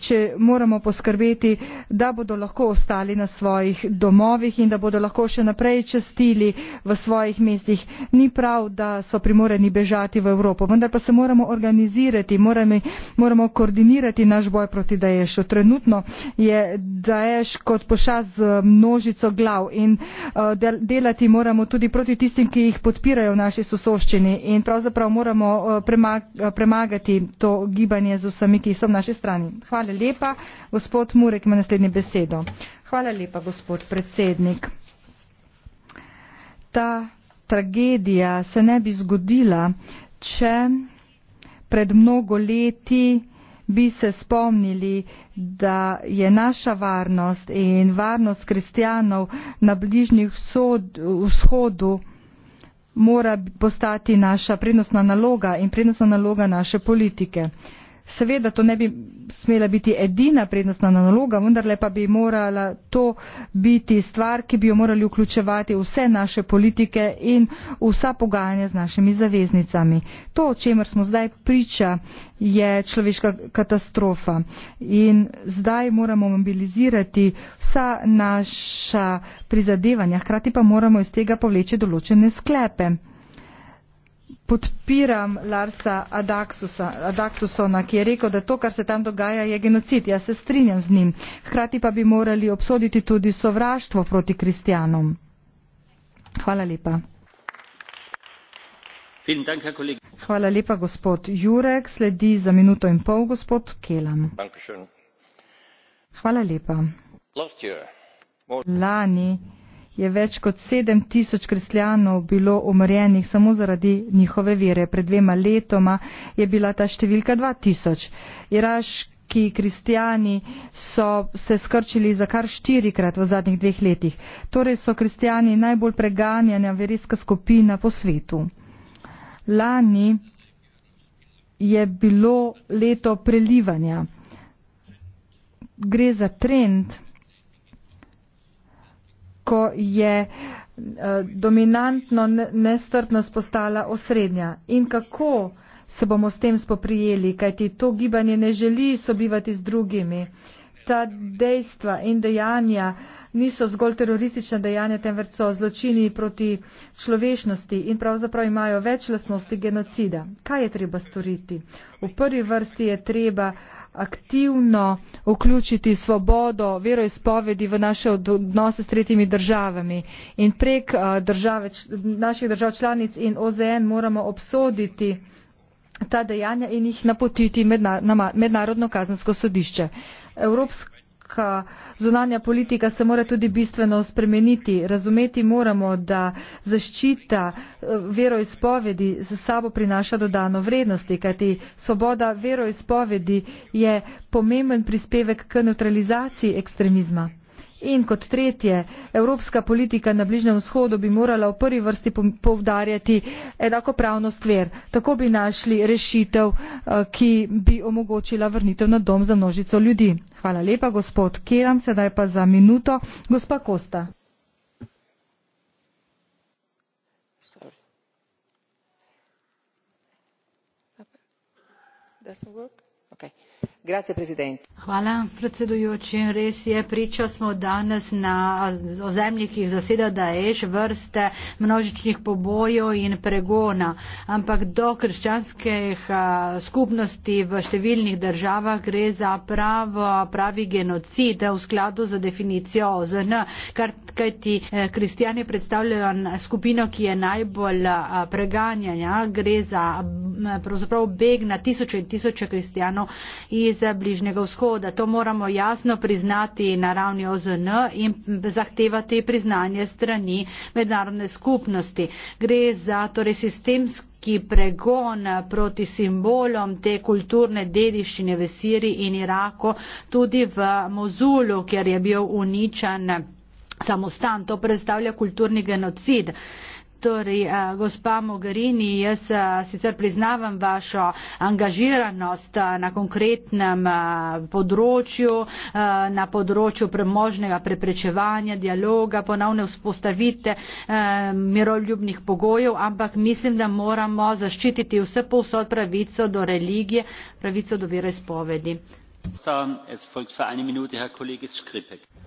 če moramo poskrbeti da bodo lahko ostali na svojih domovih in da bodo lahko še naprej častili v svojih mestih ni prav da so primorani bežati v evropo vendar pa se moramo organizirati moramo koordinirati naš boj proti daešu trenutno je daeš kot pošast z množico glav in eh, delati moramo tudi proti tistim ki jih podpirajo v naši sosoščini in pravzaprav moramo eh, premagati to gibanje z vsemi ki so v naši strani. Hvala lepa. Gospod Murek ima naslednji besedo. Hvala lepa, gospod predsednik. Ta tragedija se ne bi zgodila, če pred mnogo leti bi se spomnili, da je naša varnost in varnost kristijanov na bližnjih vzhodu mora postati naša prednostna naloga in prednostna naloga naše politike. Seveda to ne bi smela biti edina prednostna naloga, vendarle pa bi morala to biti stvar, ki bi jo morali vključevati vse naše politike in vsa pogajanja z našimi zaveznicami. To, o čemer smo zdaj priča, je človeška katastrofa in zdaj moramo mobilizirati vsa naša prizadevanja, hkrati pa moramo iz tega povleči določene sklepe podpiram Larsa Adaktusona, ki je rekel, da to, kar se tam dogaja, je genocid. Jaz se strinjam z njim. Hkrati pa bi morali obsoditi tudi sovraštvo proti kristjanom. Hvala lepa. Hvala lepa, gospod Jurek. Sledi za minuto in pol gospod Kelam. Hvala lepa. Lani je več kot 7000 kristijanov bilo umrjenih samo zaradi njihove vere. Pred dvema letoma je bila ta številka 2000. Iraški kristijani so se skrčili za kar štirikrat v zadnjih dveh letih. Torej so kristijani najbolj preganjena verijska skupina po svetu. Lani je bilo leto prelivanja. Gre za trend, ko je eh, dominantno nestrpnost postala osrednja in kako se bomo s tem spoprijeli, kajti to gibanje ne želi sobivati z drugimi. Ta dejstva in dejanja niso zgolj teroristična dejanja, temveč so zločini proti človečnosti in pravzaprav imajo več lastnosti genocida. Kaj je treba storiti? V prvi vrsti je treba aktivno vključiti svobodo veroizpovedi v naše odnose s tretjimi državami in prek eh, države, naših držav članic in OZN moramo obsoditi ta dejanja in jih napotiti medna, na mednarodno kazensko sodišče. Evropska ampak zunanja politika se mora tudi bistveno spremeniti. Razumeti moramo, da zaščita e, veroizpovedi z sabo prinaša dodano vrednosti, kajti svoboda veroizpovedi je pomemben prispevek k neutralizaciji ekstremizma. In kot tretje, evropska politika na Bližnjem vzhodu bi morala v prvi vrsti povdarjati enakopravnost ver. Tako bi našli rešitev, eh, ki bi omogočila vrnitev na dom za množico ljudi. Hvala lepa, gospod Keram, sedaj pa za minuto. Gospa Kosta. Sorry. Doesn't work hvala predsedujoči res je priča smo danes na ozemlju ki jih zaseda daeš vrste množičnih pobojov in pregona ampak do krščanskih skupnosti v številnih državah gre za pravo, pravi genocid v skladu z definicijo ozn kar kajti e, kristijani predstavljajo skupino ki je najbolj preganjanja gre za pravzaprav beg na tisoče in tisoče kristijanov iz krize Bližnjega vzhoda. To moramo jasno priznati na ravni OZN in zahtevati priznanje strani mednarodne skupnosti. Gre za torej sistemski ki pregon proti simbolom te kulturne dediščine v Siriji in Iraku, tudi v Mozulu, kjer je bil uničen samostan. To predstavlja kulturni genocid. Torej, eh, gospa Mogherini, jaz eh, sicer priznavam vašo angažiranost eh, na konkretnem področju, na področju premožnega preprečevanja, dialoga, ponovne vzpostavite miroljubnih pogojev, ampak mislim, da moramo zaščititi vse posod pravico do religije, pravico do vere spovedi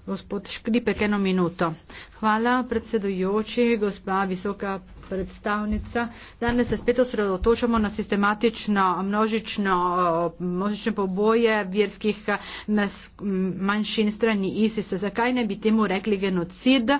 gospod škripec eno minuto. hvala predsedujoči gospa visoka predstavnica za vaše izjave predstavnica. Danes se spet osredotočamo na sistematično množično, eh, množično poboje verskih eh, manjšin strani ISIS. Zakaj ne bi temu rekli genocid?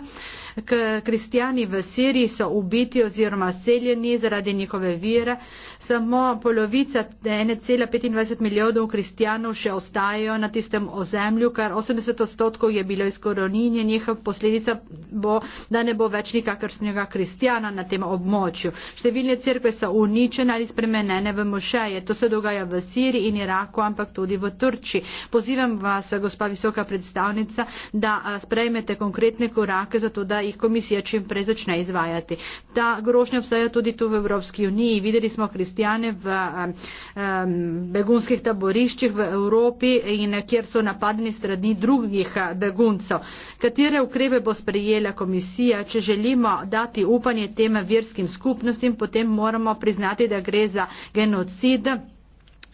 Kristijani v Siriji so ubiti oziroma seljeni zaradi njihove vire. Samo polovica 1,25 milijonov kristijanov še ostajajo na tistem ozemlju, kar 80 odstotkov je bilo izkoroninjenih. Posledica bo, da ne bo več nikakršnega kristijana na tem tem območju. Številne crkve so uničene ali spremenjene v mošeje. To se dogaja v Siriji in Iraku, ampak tudi v Turčiji. Pozivam vas, gospa visoka predstavnica, da sprejmete konkretne korake za to, da jih komisija čim prej začne izvajati. Ta grožnja obstaja tudi tu v Evropski uniji. Videli smo kristijane v um, begunskih taboriščih v Evropi in kjer so napadni strani drugih beguncev. Katere ukrepe bo sprejela komisija, če želimo dati upanje tem verskim skupnostim, potem moramo priznati, da gre za genocid.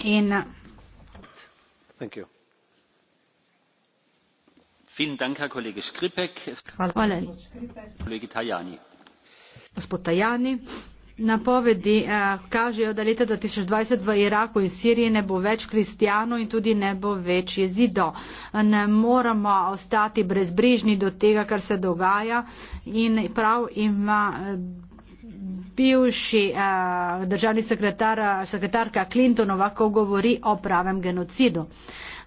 In... Eh, Dank, Hvala. Hvala. Gospod Tajani. Napovedi eh, kažejo, da leta 2020 v Iraku in Siriji ne bo več kristijanov in tudi ne bo več jezido. Ne moramo ostati brezbrižni do tega, kar se dogaja in prav ima. Eh, bivši eh, državni sekretar, eh, sekretarka Clinton ovako govori o pravem genocidu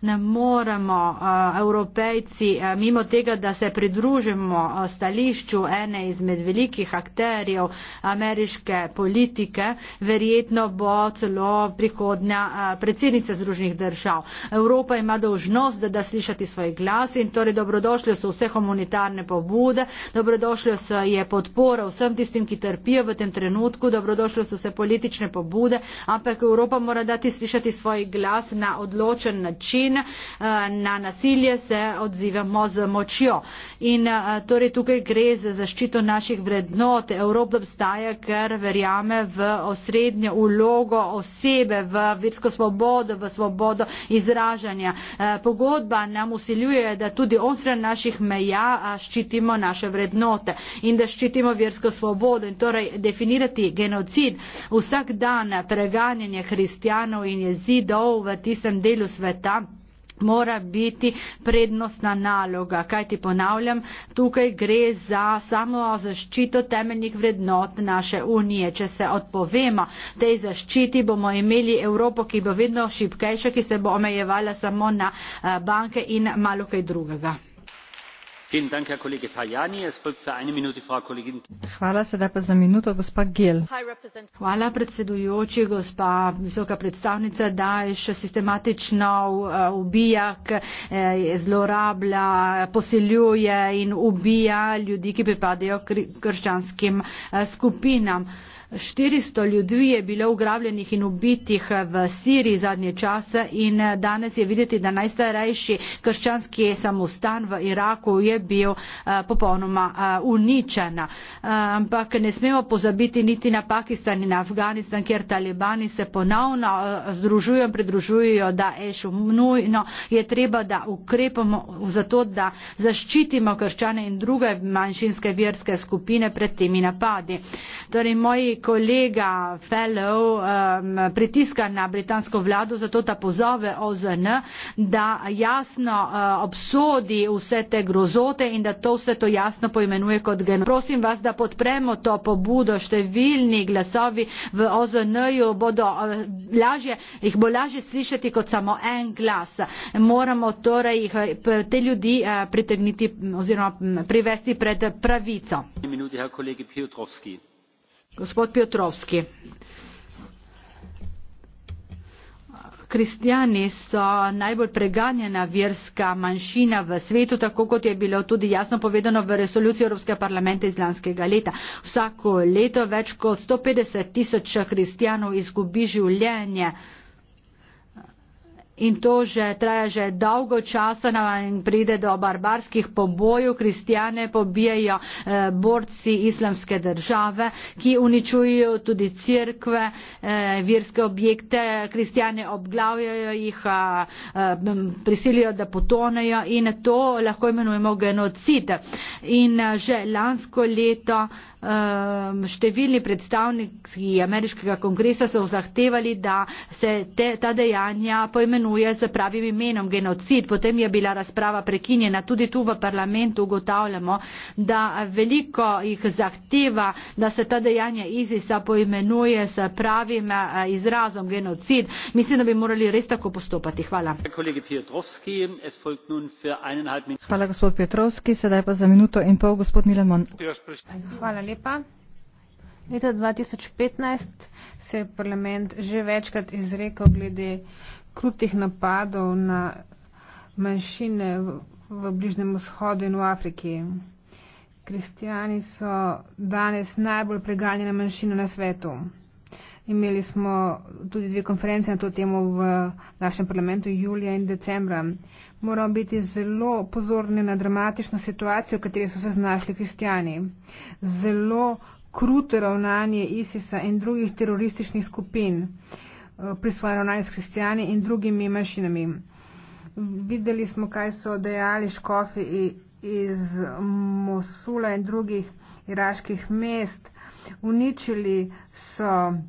ne moremo evropejci mimo tega, da se pridružimo stališču ene izmed velikih akterjev ameriške politike, verjetno bo celo prihodnja predsednica Združenih držav. Evropa ima dožnost, da da slišati svoj glas in torej dobrodošli so vse humanitarne pobude, dobrodošli so je podpora vsem tistim, ki trpijo v tem trenutku, dobrodošli so vse politične pobude, ampak Evropa mora dati slišati svoj glas na odločen način način eh, na nasilje se odzivamo z močjo. In eh, torej tukaj gre za zaščito naših vrednot. Evropa obstaja, ker verjame v osrednjo ulogo osebe, v versko svobodo, v svobodo izražanja. Eh, pogodba nam usiljuje, da tudi osred naših meja ščitimo naše vrednote in da ščitimo versko svobodo. In torej definirati genocid vsak dan preganjanje kristjanov in jezidov v tistem delu sveta mora biti prednostna naloga, kajti ponavljam, tukaj gre za samo zaščito temeljnih vrednot naše unije. Če se odpovemo tej zaščiti, bomo imeli Evropo, ki bo vedno šipkejša, ki se bo omejevala samo na eh, banke in malo kaj drugega hvala predsedujoči gospa visoka predstavnica daesh sistematično eh, ubija eh, zlorablja posiljuje in ubija ljudi ki pripadajo krščanskim eh, skupinam. 400 ljudi je bilo ugrabljenih in ubitih v Siriji zadnje čase in eh, danes je videti, da najstarejši krščanski samostan v Iraku je bil eh, popolnoma eh, uničen. Ampak ne smemo pozabiti niti na Pakistan in Afganistan, kjer talibani se ponovno združujo in pridružujo, da ešu nujno je treba, da ukrepamo zato, da zaščitimo krščane in druge manjšinske verske skupine pred temi napadi. Torej, moji kolega Fellow um, pritiska na britansko vlado, zato ta pozove OZN, da jasno uh, obsodi vse te grozote in da to vse to jasno poimenuje kot genocid. Prosim vas, da podpremo to pobudo, številni glasovi v OZN-ju bodo uh, lažje, jih bo lažje slišati kot samo en glas. Moramo torej jih, eh, te ljudi uh, pritegniti oziroma privesti pred pravico. Minuti, Gospod Piotrovski, kristijani so najbolj preganjena verska manjšina v svetu, tako kot je bilo tudi jasno povedano v resoluciji Evropske parlamente iz lanskega leta. Vsako leto več kot 150 tisoč kristijanov izgubi življenje in to že traja že dolgo časa in pride do barbarskih pobojev. Kristijane pobijajo eh, borci islamske države, ki uničujejo tudi crkve, eh, virske objekte. Kristijane obglavljajo jih, eh, eh, prisilijo, da potonejo in to lahko imenujemo genocid. In eh, že lansko leto eh, številni predstavniki ameriškega kongresa so zahtevali, da se te, ta dejanja poimenujejo imenuje z pravim imenom genocid. Potem je bila razprava prekinjena. Tudi tu v parlamentu ugotavljamo, da veliko jih zahteva, da se ta dejanja ISIS-a poimenuje z pravim eh, izrazom genocid. Mislim, da bi morali res tako postopati. Hvala. Hvala, gospod Petrovski. Sedaj pa za minuto in pol, gospod Milemon. Hvala lepa. Leta 2015 se je parlament že večkrat izrekel glede krutih napadov na manjšine v, v Bližnem vzhodu in v Afriki. Kristijani so danes najbolj preganjena manjšina na svetu. Imeli smo tudi dve konference na to temo v našem parlamentu julija in decembra. Moramo biti zelo pozorni na dramatično situacijo, v kateri so se znašli kristijani. Zelo krute ravnanje ISIS-a in drugih terorističnih skupin. Uh, Eh, pri svoji ravnanju s kristijani in drugimi manjšinami. Videli smo, kaj so dejali škofi iz Mosula in drugih iraških mest. Uničili so eh,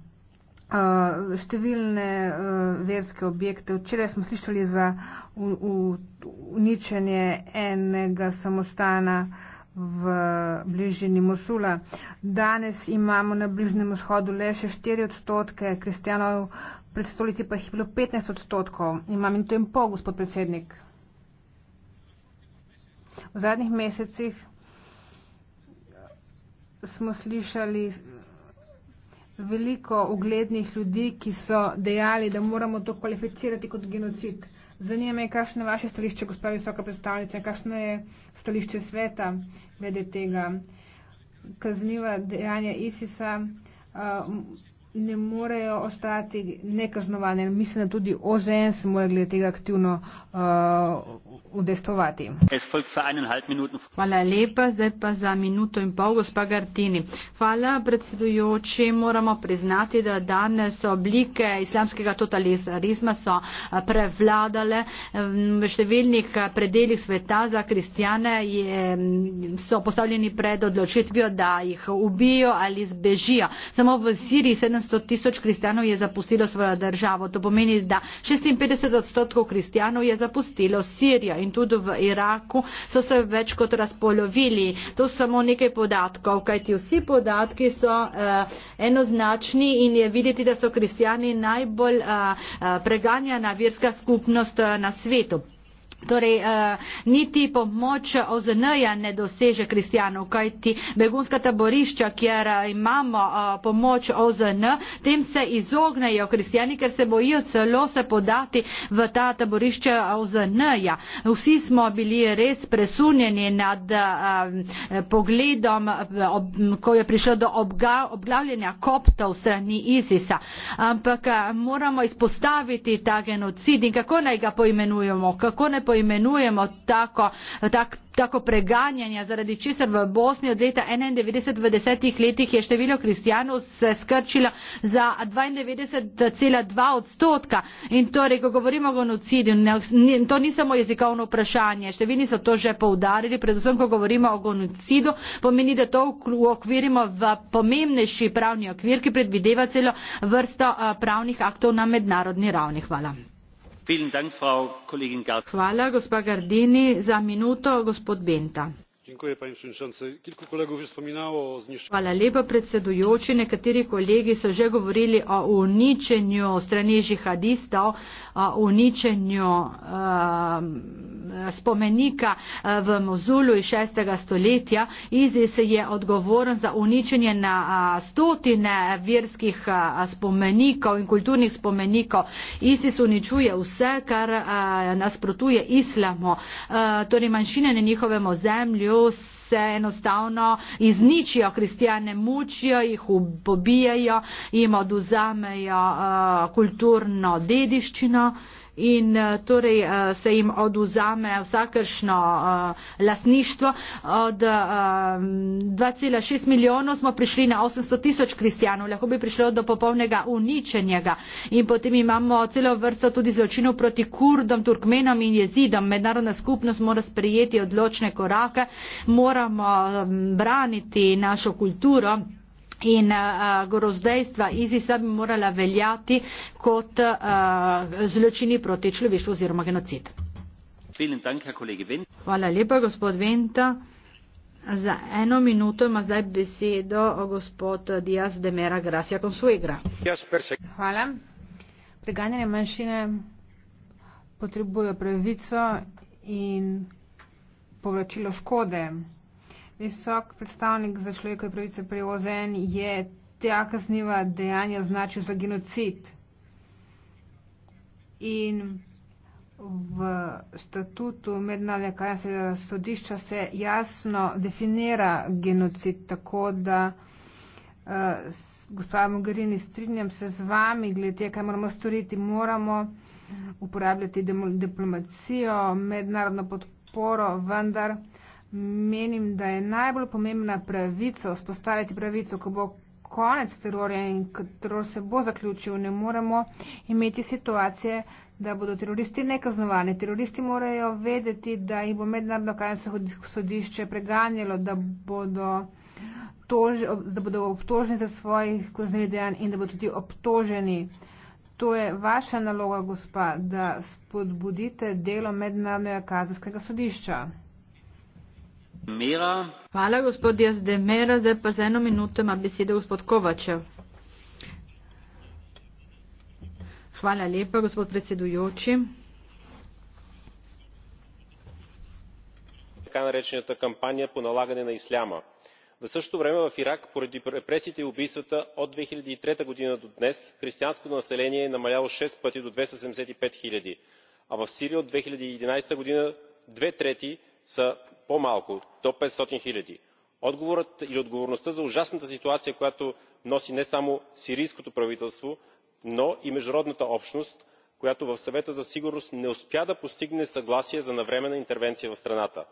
številne eh, verske objekte. Včeraj smo slišali za uničenje enega samostana v bližini Mosula. Danes imamo na bližnjem vzhodu le še 4 odstotke kristijanov, pred stoletji pa jih je bilo 15 odstotkov. Imam in to jim pol, gospod predsednik. V zadnjih mesecih smo slišali veliko uglednih ljudi, ki so dejali, da moramo to kvalificirati kot genocid. Zanima me, kakšno je vaše stališče, gospod visoka predstavnica, kakšno je stališče sveta glede tega kazniva dejanja ISIS-a. Uh, ne morejo ostati nekaznovane. Mislim, da tudi OZN se mora glede tega aktivno uh, udestovati. Hvala lepa, zdaj pa za minuto in pol, gospa Gartini. Hvala predsedujoči, moramo priznati, da danes oblike islamskega totalitarizma so eh, prevladale v številnih eh, predeljih sveta za kristjane, je, mm, so postavljeni pred odločitvijo, da jih ubijo ali zbežijo. Samo v Siriji 700 tisoč kristjanov je zapustilo svojo državo. To pomeni, da 56 odstotkov kristjanov je zapustilo Sirijo in tudi v Iraku so se več kot razpolovili. To je samo nekaj podatkov, kajti vsi podatki so uh, enoznačni in je videti, da so kristijani najbolj uh, eh, eh, preganjena verska skupnost uh, na svetu. Torej, eh, niti pomoč OZN-ja ne doseže kristijanov, kajti begunska taborišča, kjer eh, imamo eh, pomoč OZN, tem se izognejo kristijani, ker se bojijo celo se podati v ta taborišča OZN-ja. Vsi smo bili res presunjeni nad pogledom, ko je prišlo do obglavljanja koptov strani ISIS-a. Ampak moramo izpostaviti ta genocid in kako naj ga poimenujemo, kako ne poimenujemo poimenujemo tako, tak, tako preganjanje, zaradi česar v Bosni od leta 91 v desetih letih je število kristijanov se skrčilo za 92,2 odstotka. In torej, ko govorimo o genocidu, to ni samo jezikovno vprašanje, številni so to že poudarili, predvsem ko govorimo o genocidu, pomeni, da to uokvirimo v pomembnejši pravni okvir, ki predvideva celo vrsto eh, pravnih aktov na mednarodni ravni. Hvala hvala gospa gardini za minuto gospod benta nekateri kolegi so že govorili o uničenju strani žihadistov o uničenju uh, spomenika eh, v mozulu iz šestega stoletja izis je odgovoren za uničenje na eh, stotine verskih spomenikov in kulturnih spomenikov isis uničuje vse kar uh, nasprotuje islamu uh, torej manjšine na njihovem ozemlju zato se enostavno izničijo, kristijane mučijo, jih pobijajo, jim oduzamejo uh, kulturno dediščino. Uh, in eh, torej eh, se jim oduzame vsakršno eh, lasništvo. Od 2,6 milijonov smo prišli na 800 tisoč kristijanov, lahko bi prišlo do popolnega uničenjega. In potem imamo celo vrsto tudi zločinov proti kurdom, turkmenom in jezidom. Mednarodna skupnost mora sprejeti odločne korake, moramo braniti našo kulturo in eh, grozdejstva ISIS-a bi morala veljati kot eh, zločini proti človeštvu oziroma genocid. Hvala lepa, gospod Venta. Za eno minuto ima zdaj besedo eh, gospod Dias de Mera Gracia Consuegra. Hvala. Preganjene manjšine potrebujejo pravico in povračilo škode visok predstavnik za človekove pravice pri OZN je ta kazniva dejanja označil za genocid. In v statutu mednarodnega kazenskega sodišča se jasno definira genocid, tako da, uh, eh, gospod Mogherini, strinjam se z vami glede, kaj moramo storiti. Moramo uporabljati diplomacijo, mednarodno podporo, vendar menim, da je najbolj pomembna pravica, vzpostaviti pravico, ko bo konec terorja in ko teror se bo zaključil, ne moremo imeti situacije, da bodo teroristi nekaznovani. Teroristi morajo vedeti, da jih bo mednarodno kazensko sodišče preganjalo, da bodo, tož, da bodo obtoženi za svojih kaznivih dejanj in da bodo tudi obtoženi. To je vaša naloga, gospa, da spodbudite delo mednarodnega kazenskega sodišča. Mera. Hvala, gospod Jazdemera. Zdaj pa za eno minuto ima besedo gospod Kovačev. Hvala lepa, gospod predsedujoči. така наречената кампания по налагане на исляма. В същото време в Ирак, поради репресиите и убийствата от 2003 година до днес, християнското население е намаляло 6 пъти до 275 хиляди. А в Сирия от 2011 година две трети са по малко до петстотин хиляди. отговорът и отговорността за ужасната ситуация която носи не само сирийското правителство но и международната общност която в съвета за сигурност не успя да постигне съгласие за навременна интервенция в страната.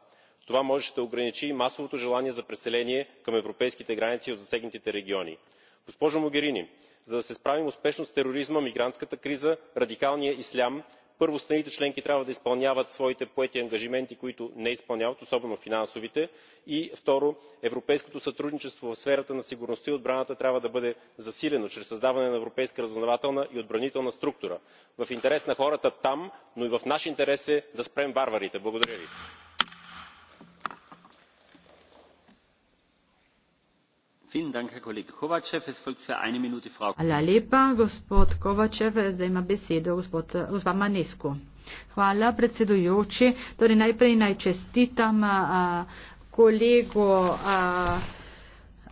това можеше да ограничи и масовото желание за преселение към европейските граници от засегнатите региони. госпожо могерини за да се справим успешно с тероризма мигрантската криза радикалния ислям първо страните членки трябва да изпълняват своите поети ангажименти които не изпълняват особено финансовите и второ европейското сътрудничество в сферата на сигурността и отбраната трябва да бъде засилено чрез създаване на европейска разузнавателна и отбранителна структура в интерес на хората там но и в наш интерес е да спрем варварите. благодаря ви. Hvala, predsedujoči. Torej najprej naj čestitam kolegu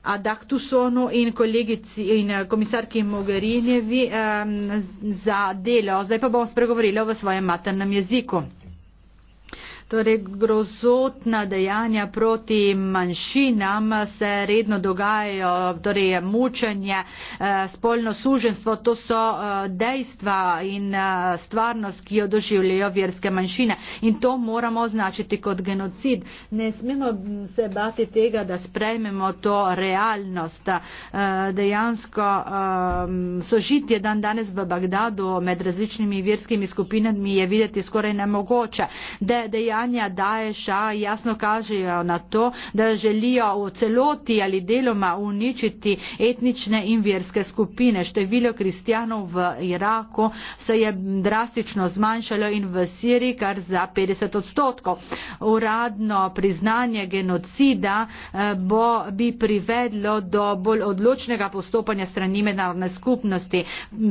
Adaktusonu in kolegici in komisarki Mogherinjevi za delo. Zdaj pa bom spregovorila v svojem maternem jeziku. Torej, grozotna dejanja proti manjšinam se redno dogajajo, torej mučenje, eh, spolno suženstvo, to so eh, dejstva in eh, stvarnost, ki jo doživljajo verske manjšine. In to moramo označiti kot genocid. Ne smemo se bati tega, da sprejmemo to realnost. Dejansko sožitje dan danes v Bagdadu med različnimi verskimi skupinami je videti skoraj nemogoče. De, dejansko, dejanja Daesha jasno kažejo na to, da želijo v celoti ali deloma uničiti etnične in verske skupine. Število kristjanov v Iraku se je drastično zmanjšalo in v Siriji kar za 50 odstotkov. Uradno priznanje genocida eh, bo, bi privedlo do bolj odločnega postopanja strani mednarodne skupnosti.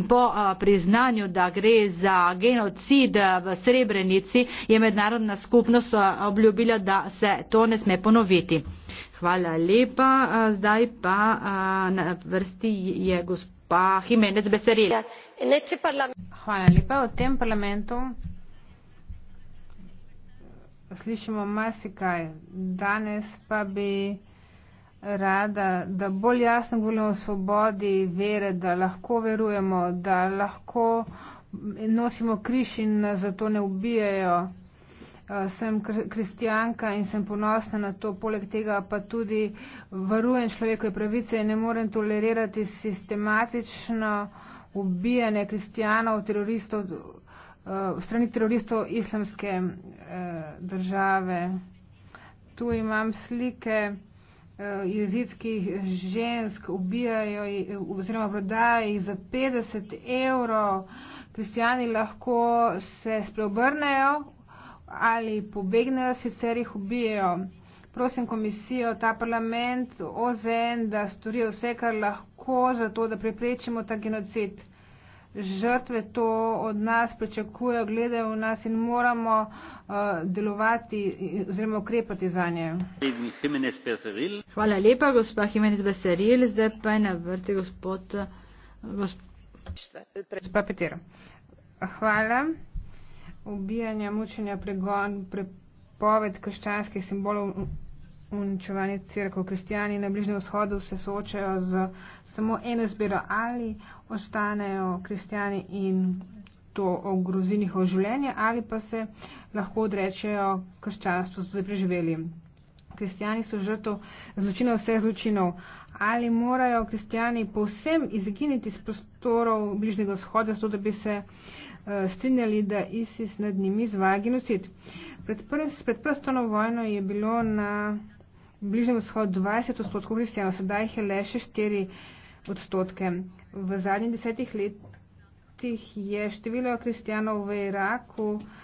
Po eh, priznanju, da gre za genocid v Srebrenici, je mednarodna skupnost skupnost obljubila, da se to ne sme ponoviti. Hvala lepa. Zdaj pa na vrsti je gospa Jimenez Beseril. Hvala lepa. V tem parlamentu slišimo marsikaj. Danes pa bi rada, da bolj jasno govorimo o svobodi vere, da lahko verujemo, da lahko nosimo križ in zato ne ubijajo. Eh, sem kristijanka in sem ponosna na to, poleg tega pa tudi varujem človekove pravice in ne morem tolerirati sistematično ubijanje kristijanov, teroristov, uh, strani teroristov islamske uh, države. Tu imam slike uh, jezidskih žensk, ubijajo jih oziroma prodajajo jih za 50 evrov. Kristijani lahko se spreobrnejo, ali pobegnejo, sicer jih ubijejo. Prosim komisijo, ta parlament, OZN, da storijo vse, kar lahko, zato da preprečimo ta genocid. Žrtve to od nas pričakujejo, gledajo v nas in moramo uh, delovati oziroma ukrepati za nje. Hvala lepa, gospa Jimenez Beseril. Zdaj pa je na vrti gospod. Eh, Gosp... Hvala ubijanja, mučenja, pregon, prepoved krščanskih simbolov, uničevanje crkv. Kristijani na Bližnjem vzhodu se soočajo z samo eno zbiro ali ostanejo kristijani in to ogrozi njihovo življenje ali pa se lahko odrečejo krščanstvu, so tudi preživeli. Kristijani so žrtev zločinov vseh zločinov. Ali morajo kristijani povsem izginiti z prostorov bližnjega vzhoda, zato da bi se uh, Eh, strinjali, da ISIS nad njimi izvaja genocid. Pred, pr pred prstono vojno je bilo na bližnjem vzhodu 20 odstotkov kristijanov, sedaj jih je le še 4 odstotke. V zadnjih desetih letih je število kristijanov v Iraku uh,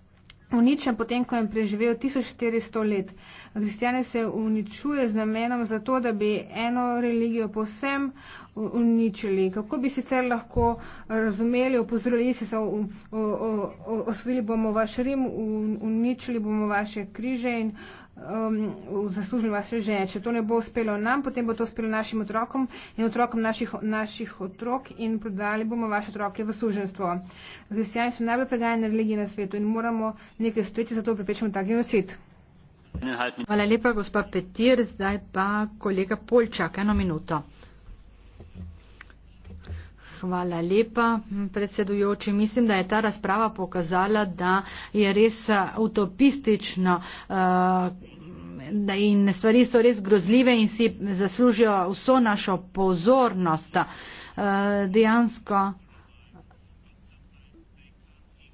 uničen potem, ko je preživel 1400 let. Kristijane se uničuje z namenom za to, da bi eno religijo povsem uničili. Kako bi sicer lahko razumeli, opozorili se, so, o, o, o, osvili bomo vaš Rim, uničili bomo vaše križe in Um, zaslužili vaše žene. Če to ne bo uspelo nam, potem bo to uspelo našim otrokom in otrokom naših, naših otrok in prodali bomo vaše otroke v služenstvo. Kristijani so najbolj preganjene religije na svetu in moramo nekaj storiti, zato preprečimo ta genocid. Hvala lepa, gospa Petir. Zdaj pa kolega Polčak, eno minuto. Hvala lepa, predsedujoči. Mislim, da je ta razprava pokazala, da je res eh, utopistično. Uh, In stvari so res grozljive in si zaslužijo vso našo pozornost. Eh, dejansko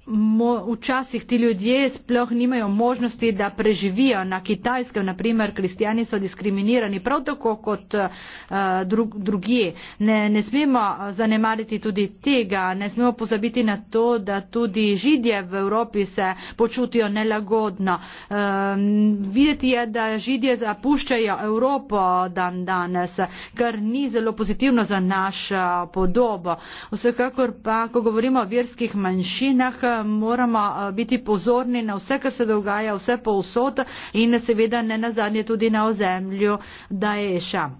mo, včasih ti ljudje sploh nimajo možnosti, da preživijo na kitajskem, naprimer, kristijani so diskriminirani prav tako kot uh, drug, drugi. Ne, ne smemo eh, zanemariti tudi tega, ne smemo pozabiti na to, da tudi židje v Evropi se počutijo nelagodno. Uh, videti je, da židje zapuščajo Evropo dan danes, kar ni zelo pozitivno za našo eh, podobo. Vsekakor pa, ko govorimo o verskih manjšinah, moramo eh, biti pozorni na vse, kar se dogaja, vse povsod in seveda ne nazadnje tudi na ozemlju Daesha.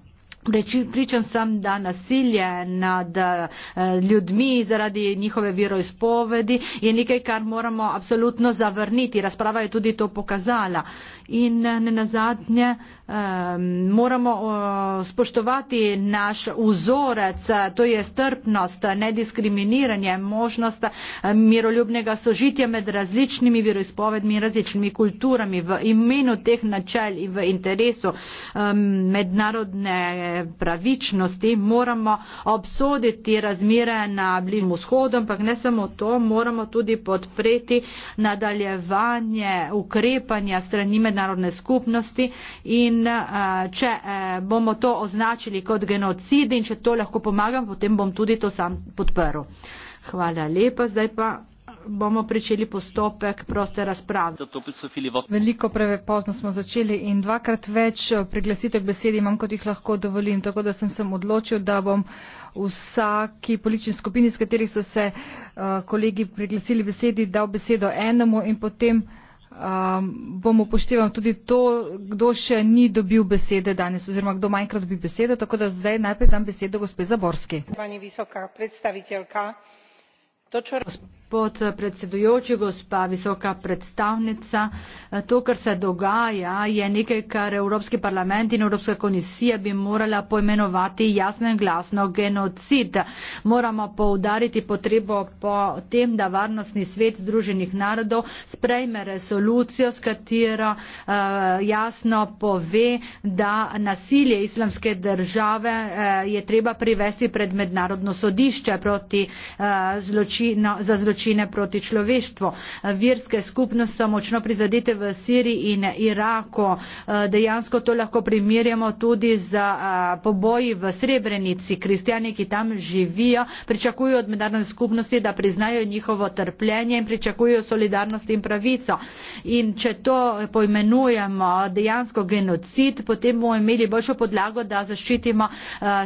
Pričan sem, da nasilje nad eh, ljudmi zaradi njihove viroizpovedi je nekaj, kar moramo absolutno zavrniti. Razprava je tudi to pokazala in eh, ne nazadnje ehm, moramo eh, spoštovati naš vzorec, eh, to je strpnost, nediskriminiranje, možnost miroljubnega sožitja med različnimi veroizpovedmi in različnimi kulturami v imenu teh načel in v interesu ehm, mednarodne pravičnosti moramo obsoditi razmire na bližnjem vzhodu, ampak ne samo to, moramo tudi podpreti nadaljevanje ukrepanja strani mednarodnega mednarodne skupnosti in eh, če eh, bomo to označili kot genocid in če to lahko pomagam, potem bom tudi to sam podprl. Hvala lepa, zdaj pa bomo pričeli postopek proste razprave. Veliko preve pozno smo začeli in dvakrat več eh, priglasitev besedi imam, kot jih lahko dovolim, tako da sem se odločil, da bom vsaki politični skupini, s kateri so se uh, kolegi priglasili besedi, dal besedo enemu in potem uh, Um, bom upošteval tudi to, kdo še ni dobil besede danes oziroma kdo manjkrat dobi besedo, tako da zdaj najprej dam besedo gospe Zaborski. Pani visoka predstaviteljka, to, čo podpredsedujoči, gospa visoka predstavnica. To, kar se dogaja, je nekaj, kar Evropski parlament in Evropska komisija bi morala poimenovati jasno in glasno genocid. Moramo poudariti potrebo po tem, da varnostni svet Združenih narodov sprejme resolucijo, s katero eh, jasno pove, da nasilje islamske države eh, je treba privesti pred mednarodno sodišče eh, zločino, za zločino zločine proti človeštvu. Eh, Virske skupnost so močno prizadete v Siriji in Iraku. Eh, dejansko to lahko primerjamo tudi z eh, poboji v Srebrenici. Kristijani, ki tam živijo, pričakujo od mednarodne skupnosti, da priznajo njihovo trpljenje in pričakujo solidarnost in pravico. In če to poimenujemo dejansko genocid, potem bomo imeli boljšo podlago, da zaščitimo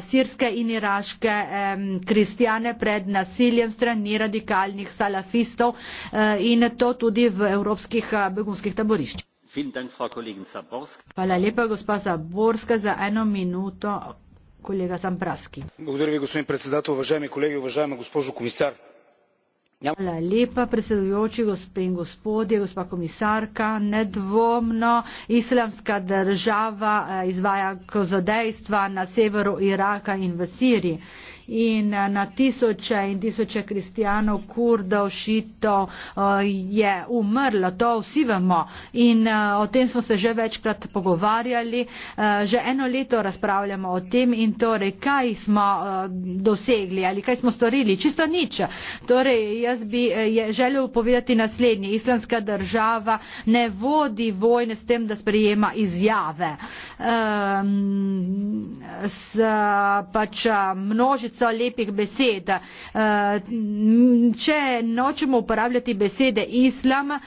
sirske in iraške kristijane pred nasiljem strani radikalnih sankcij salafistov eh, in to tudi v evropskih eh, begunskih taboriščih. Hvala lepa, gospa Zaborska, za eno minuto, kolega Zambraski. Hvala lepa, predsedujoči, gospe in gospodje, gospa komisarka. Nedvomno islamska država eh, izvaja kozodejstva na severu Iraka in v Siriji in eh, na tisoče in tisoče kristijanov, kurdov, šitov eh, je umrlo, to vsi vemo in eh, o tem smo se že večkrat pogovarjali, že eno leto razpravljamo o tem in torej kaj smo dosegli ali kaj smo storili, čisto nič. Torej jaz bi želel povedati naslednji, islamska država ne vodi vojne s tem, da sprejema izjave. Ehm, s, pač, množi množico lepih besed. Eh, če nočemo uporabljati besede islam, eh,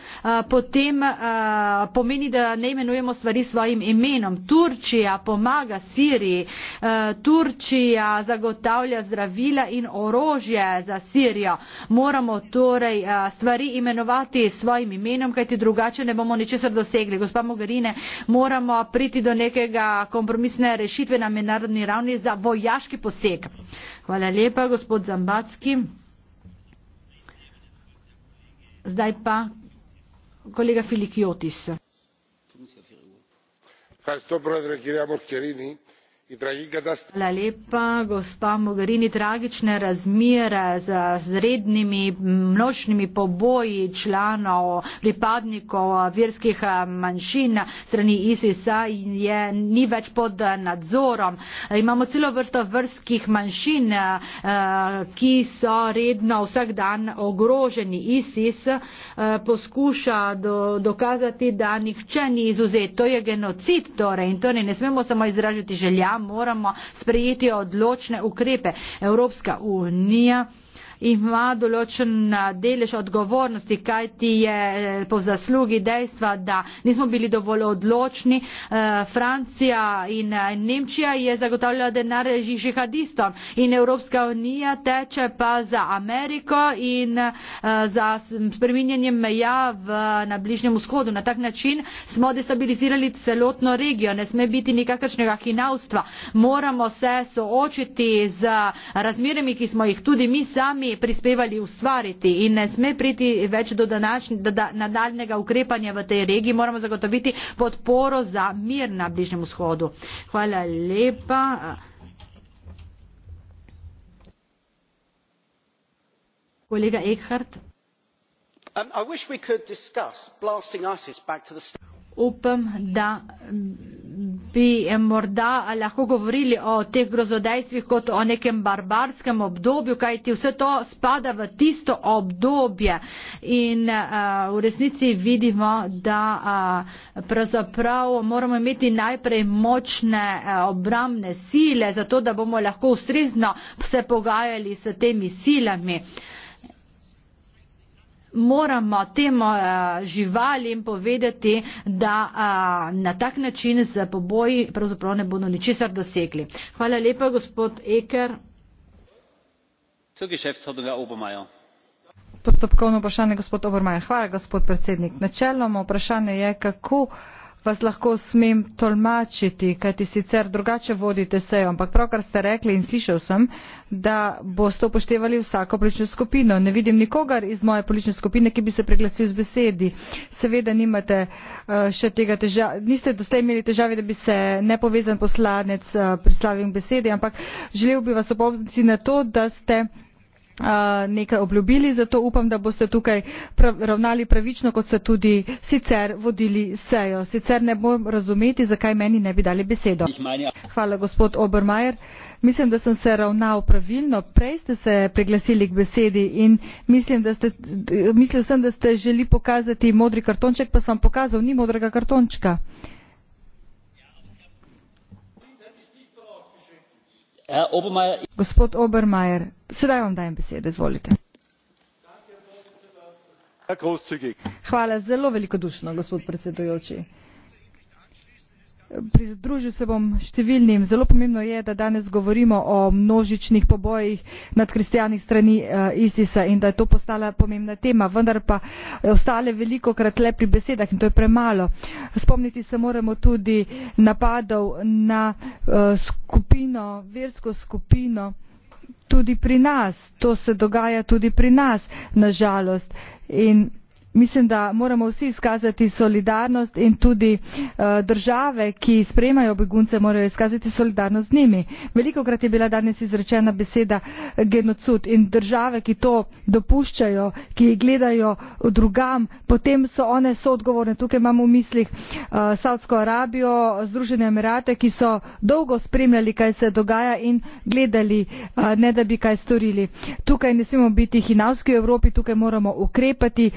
potem eh, pomeni, da ne imenujemo stvari svojim imenom. Turčija pomaga Siriji, Turčija zagotavlja zdravila in orožje za Sirijo. Moramo torej stvari imenovati svojim imenom, kajti drugače ne bomo ničesar dosegli. Gospa Mogarine, moramo priti do nekega kompromisne rešitve na mednarodni ravni za vojaški poseg. Hvala lepa, gospod Zambacki. Zdaj pa kolega Filikiotis. Hvala lepa, gospa Mogherini. Tragične razmere z zrednimi množnimi poboji članov, pripadnikov eh, verskih eh, manjšin strani ISIS-a ni več pod eh, nadzorom. Imamo celo vrsto verskih manjšin, ki so redno vsak dan ogroženi. ISIS poskuša do, dokazati, da nihče ni izuzet. To je genocid torej in torej ne smemo samo izražati željam moramo sprejeti odločne ukrepe ima določen delež odgovornosti, kaj ti je eh, po zaslugi dejstva, da nismo bili dovolj odločni. Eh, Francija in eh, Nemčija je zagotavljala denar žihadistom in Evropska unija teče pa za Ameriko in za spreminjanje meja v, na Bližnjem vzhodu. Na tak način smo destabilizirali celotno regijo. Ne sme biti nikakršnega hinavstva. Moramo se soočiti z razmerami, ki smo jih tudi mi sami prispevali ustvariti in ne sme priti več do nadaljnjega ukrepanja v tej regiji. Moramo zagotoviti podporo za mir na Bližnjem vzhodu. Hvala lepa. Kolega Eckhart. Um, upam, da bi morda lahko govorili o teh grozodejstvih kot o nekem barbarskem obdobju, kajti vse to spada v tisto obdobje in uh, v resnici vidimo, da uh, pravzaprav moramo imeti najprej močne uh, eh, obramne sile, zato da bomo lahko ustrezno se pogajali s temi silami. Uh, moramo tem eh, živalim povedati, da eh, na tak način z poboji pravzaprav ne bodo ničesar dosegli. Hvala lepa, gospod Eker. Postopkovno vprašanje, gospod Obermajer. Hvala, gospod predsednik. Načeloma vprašanje je, kako vas lahko smem tolmačiti, kajti sicer drugače vodite sejo, ampak pravkar ste rekli in slišal sem, da boste upoštevali vsako politično skupino. Ne vidim nikogar iz moje politične skupine, ki bi se priglasil z besedi. Seveda nimate eh, še tega težave, niste doslej imeli težave, da bi se nepovezan poslanec eh, prislavil besedi, ampak želel bi vas opomniti na to, da ste nekaj obljubili zato upam da boste tukaj ravnali pravično kot ste tudi sicer vodili sejo sicer ne morem razumeti zakaj meni ne bi dali besedo. hvala gospod obermayr mislim da sem se ravnal pravilno prej ste se priglasili k besedi in mislim da ste mislil sem da ste želi pokazati modri kartonček pa sem vam pokazal ni modrega kartončka. Eh, gospod obermayr sedaj vam dajem besedo izvolite. hvala zelo velikodušno gospod predsedujoči. Pridružil se bom številnim. Zelo pomembno je, da danes govorimo o množičnih pobojih nad kristijani strani eh, ISIS-a in da je to postala pomembna tema, vendar pa eh, ostale veliko krat le pri besedah in to je premalo. Spomniti se moramo tudi napadov na eh, skupino, versko skupino, tudi pri nas. To se dogaja tudi pri nas, nažalost. In mislim da moramo vsi izkazati solidarnost in tudi eh, države ki sprejemajo begunce morajo izkazati solidarnost z njimi. velikokrat je bila danes izrečena beseda genocid in države ki to dopuščajo ki gledajo drugam potem so one soodgovorne tukaj imam v mislih eh, savdsko arabijo združene emirate ki so dolgo spremljali kaj se dogaja in gledali eh, ne da bi kaj storili. tukaj ne smemo biti hinavski v evropi tukaj moramo ukrepati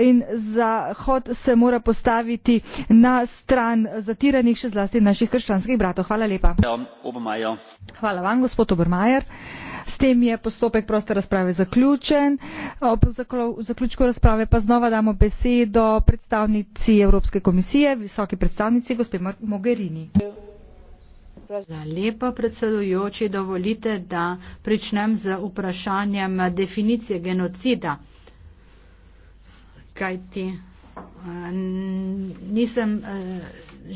in zahod se mora postaviti na stran zatiranih še zlasti naših krščanskih bratov. Ja, s tem je postopek proste razprave zaključen ob zaključku razprave pa znova damo besedo predstavnici evropske komisije visoki predstavnici gospe mogherini. lepa predsedujoči dovolite da pričnem z vprašanjem definicije genocida kajti nisem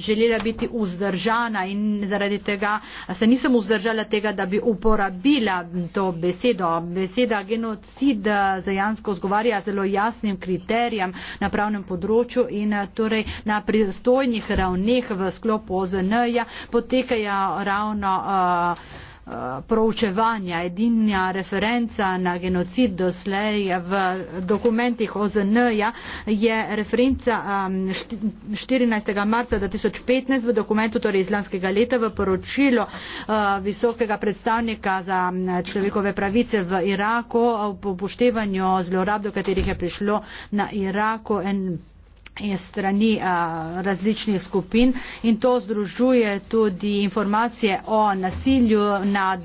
želela biti vzdržana in zaradi tega se nisem vzdržala tega, da bi uporabila to besedo. Beseda genocid zajansko zgovarja zelo jasnim kriterijam na pravnem področju in torej na pristojnih ravneh v sklopu OZN-ja potekajo ravno uh, Eh, proučevanja, edinja referenca na genocid doslej v dokumentih OZN-ja je referenca 14. marca 2015 v dokumentu, torej iz lanskega leta, v poročilo eh, visokega predstavnika za človekove pravice v Iraku o upoštevanju zlorab, do katerih je prišlo na Iraku. En je strani a, različnih skupin in to združuje tudi informacije o nasilju nad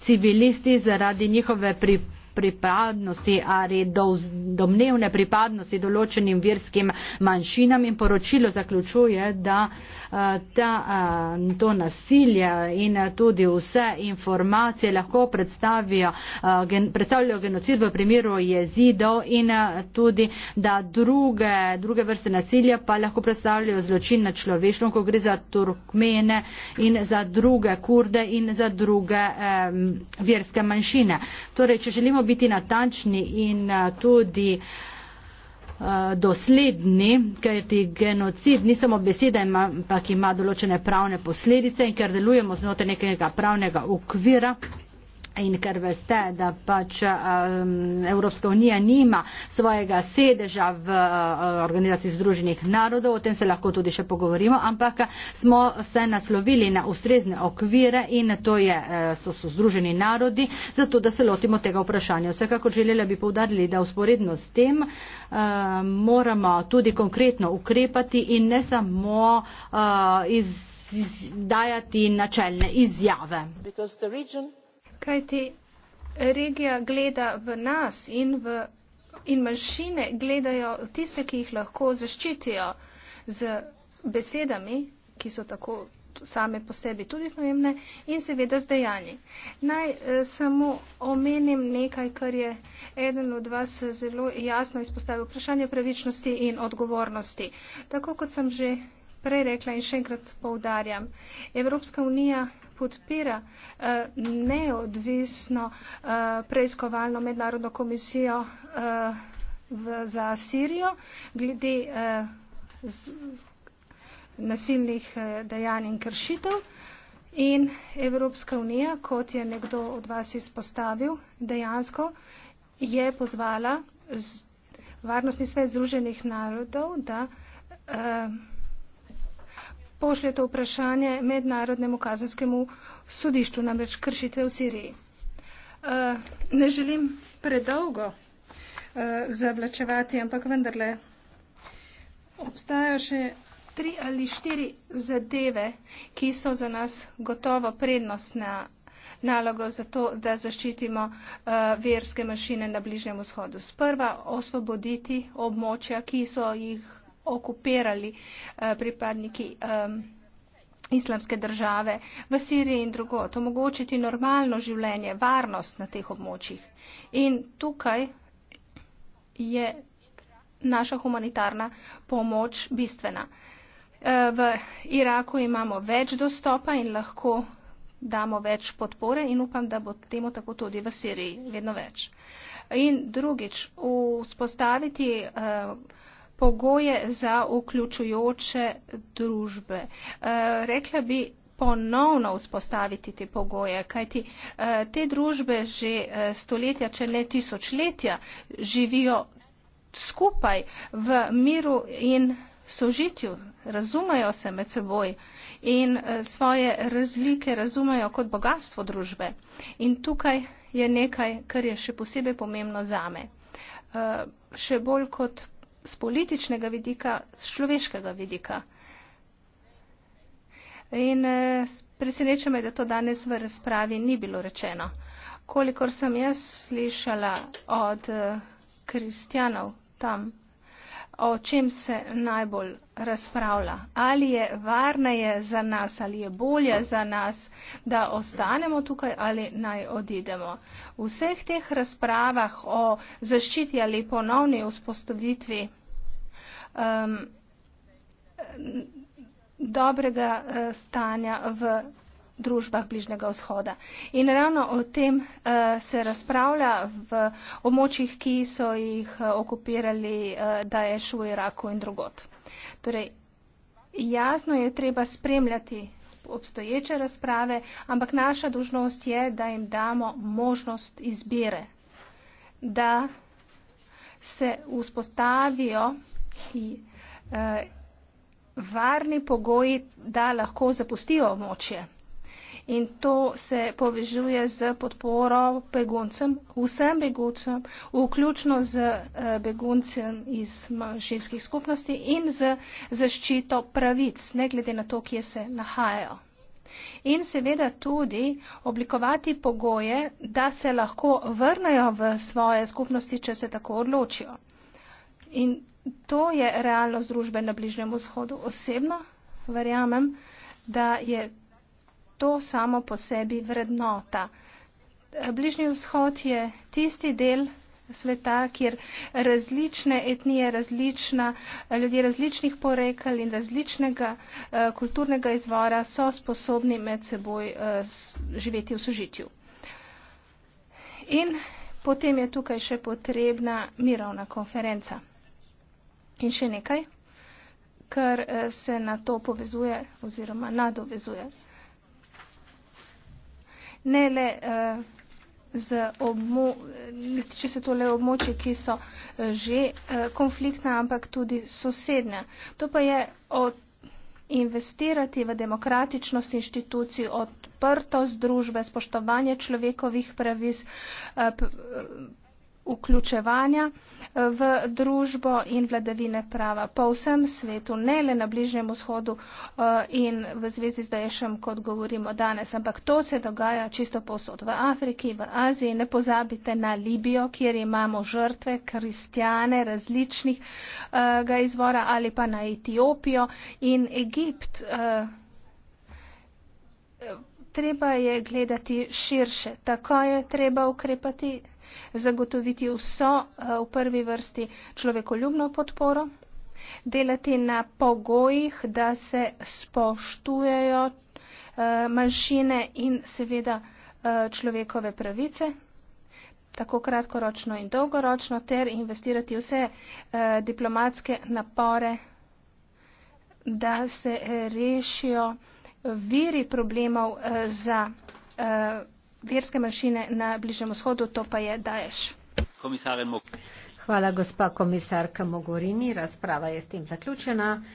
civilisti zaradi njihove pripravljenosti pripadnosti ali do, domnevne pripadnosti določenim verskim manjšinam in poročilo zaključuje, da eh, ta, eh, to nasilje in eh, tudi vse informacije lahko predstavijo, gen, predstavljajo genocid v primeru jezidov in tudi, da druge, druge vrste nasilja pa lahko predstavljajo zločin na človeštvo, ko gre za Turkmene in za druge kurde in za druge eh, verske manjšine. Torej, če želimo biti natančni in eh, tudi eh, dosledni, ker ti genocid ni samo beseda, ampak ima določene pravne posledice in ker delujemo znotraj nekega pravnega okvira in ker veste, da pač um, Evropska unija nima svojega sedeža v uh, organizaciji združenih narodov, o tem se lahko tudi še pogovorimo, ampak smo se naslovili na ustrezne okvire in to je, eh, so, so združeni narodi, zato da se lotimo tega vprašanja. Vsekakor želela bi povdarili, da usporedno s tem uh, moramo tudi konkretno ukrepati in ne samo uh, iz, iz, dajati načelne izjave. Kaj ti regija gleda v nas in, v, in manjšine gledajo tiste, ki jih lahko zaščitijo z besedami, ki so tako same po sebi tudi pomembne in seveda z dejanji. Naj eh, samo omenim nekaj, kar je eden od vas zelo jasno izpostavil vprašanje pravičnosti in odgovornosti. Tako kot sem že prej rekla in še enkrat poudarjam, Evropska unija podpira eh, neodvisno eh, preiskovalno mednarodno komisijo eh, za Sirijo glede nasilnih dejanj in kršitev. In Evropska unija, kot je nekdo od vas izpostavil, dejansko je pozvala Varnostni svet Združenih narodov, da eh, pošlje to vprašanje mednarodnemu kazenskemu sodišču, namreč kršitve v Siriji. Eh, ne želim predolgo eh, zavlačevati, ampak vendarle obstajajo še tri ali štiri zadeve, ki so za nas gotovo prednostna nalogo za to, da zaščitimo uh, verske mašine na Bližnjem vzhodu. Sprva osvoboditi območja, ki so jih okupirali eh, pripadniki islamske države v Siriji in drugot, omogočiti normalno življenje, varnost na teh območjih. In tukaj je naša humanitarna pomoč bistvena. Eh, v Iraku imamo več dostopa in lahko damo več podpore in upam, da bo temu tako tudi v Siriji vedno več. In drugič, vzpostaviti uh, pogoje za vključujoče družbe. E, rekla bi ponovno vzpostaviti te pogoje, kajti e, te družbe že e, stoletja, če ne tisočletja, živijo skupaj v miru in sožitju, razumejo se med seboj in svoje razlike razumejo kot bogatstvo družbe. In tukaj je nekaj, kar je še posebej pomembno zame. Še bolj kot z političnega vidika, z človeškega vidika. In eh, preseneča me, da to danes v razpravi ni bilo rečeno. Kolikor sem jaz slišala od eh, kristjanov tam o čem se najbolj razpravlja. Ali je varneje za nas, ali je bolje za nas, da ostanemo tukaj ali naj odidemo. V vseh teh razpravah o zaščiti ali ponovni vzpostavitvi um, dobrega eh, stanja v družbah Bližnjega vzhoda. In ravno o tem uh, se razpravlja v območjih, ki so jih eh, okupirali uh, Daesh v Iraku in drugot. Torej, jasno je treba spremljati obstoječe razprave, ampak naša dužnost je, da jim damo možnost izbire, da se vzpostavijo i, uh, varni pogoji, da lahko zapustijo območje in to se povežuje z podporo beguncem, vsem beguncem, vključno z eh, beguncem iz manjšinskih skupnosti in z zaščito pravic, ne glede na to, kje se nahajajo. In seveda tudi oblikovati pogoje, da se lahko vrnejo v svoje skupnosti, če se tako odločijo. In to je realnost družbe na Bližnjem vzhodu. Osebno verjamem, da je to samo po sebi vrednota. Bližnji vzhod je tisti del sveta, kjer različne etnije, različna, ljudje različnih porekel in različnega eh, kulturnega izvora so sposobni med seboj eh, živeti v sožitju. In potem je tukaj še potrebna mirovna konferenca. In še nekaj, kar eh, se na to povezuje oziroma nadovezuje ne le eh, z območji, če se to le območje, ki so eh, že eh, konfliktna, ampak tudi sosednja. To pa je od investirati v demokratičnost inštitucij, odprtost družbe, spoštovanje človekovih pravic, vključevanja eh, v družbo in vladavine prava po vsem svetu, ne le na Bližnjem vzhodu eh, in v zvezi z Daješem, kot govorimo danes, ampak to se dogaja čisto posod v Afriki, v Aziji, ne pozabite na Libijo, kjer imamo žrtve, kristjane različnih eh, ga izvora ali pa na Etiopijo in Egipt. Treba je gledati širše, tako je treba ukrepati zagotoviti vso eh, v prvi vrsti človekoljubno podporo, delati na pogojih, da se spoštujejo eh, manjšine in seveda eh, človekove pravice, tako kratkoročno in dolgoročno, ter investirati vse diplomatske napore, da se rešijo viri problemov za verske manjšine na bližnjem vzhodu to pa je daješ Hvala gospa komisarka Mogorini, razprava je s tem zaključena.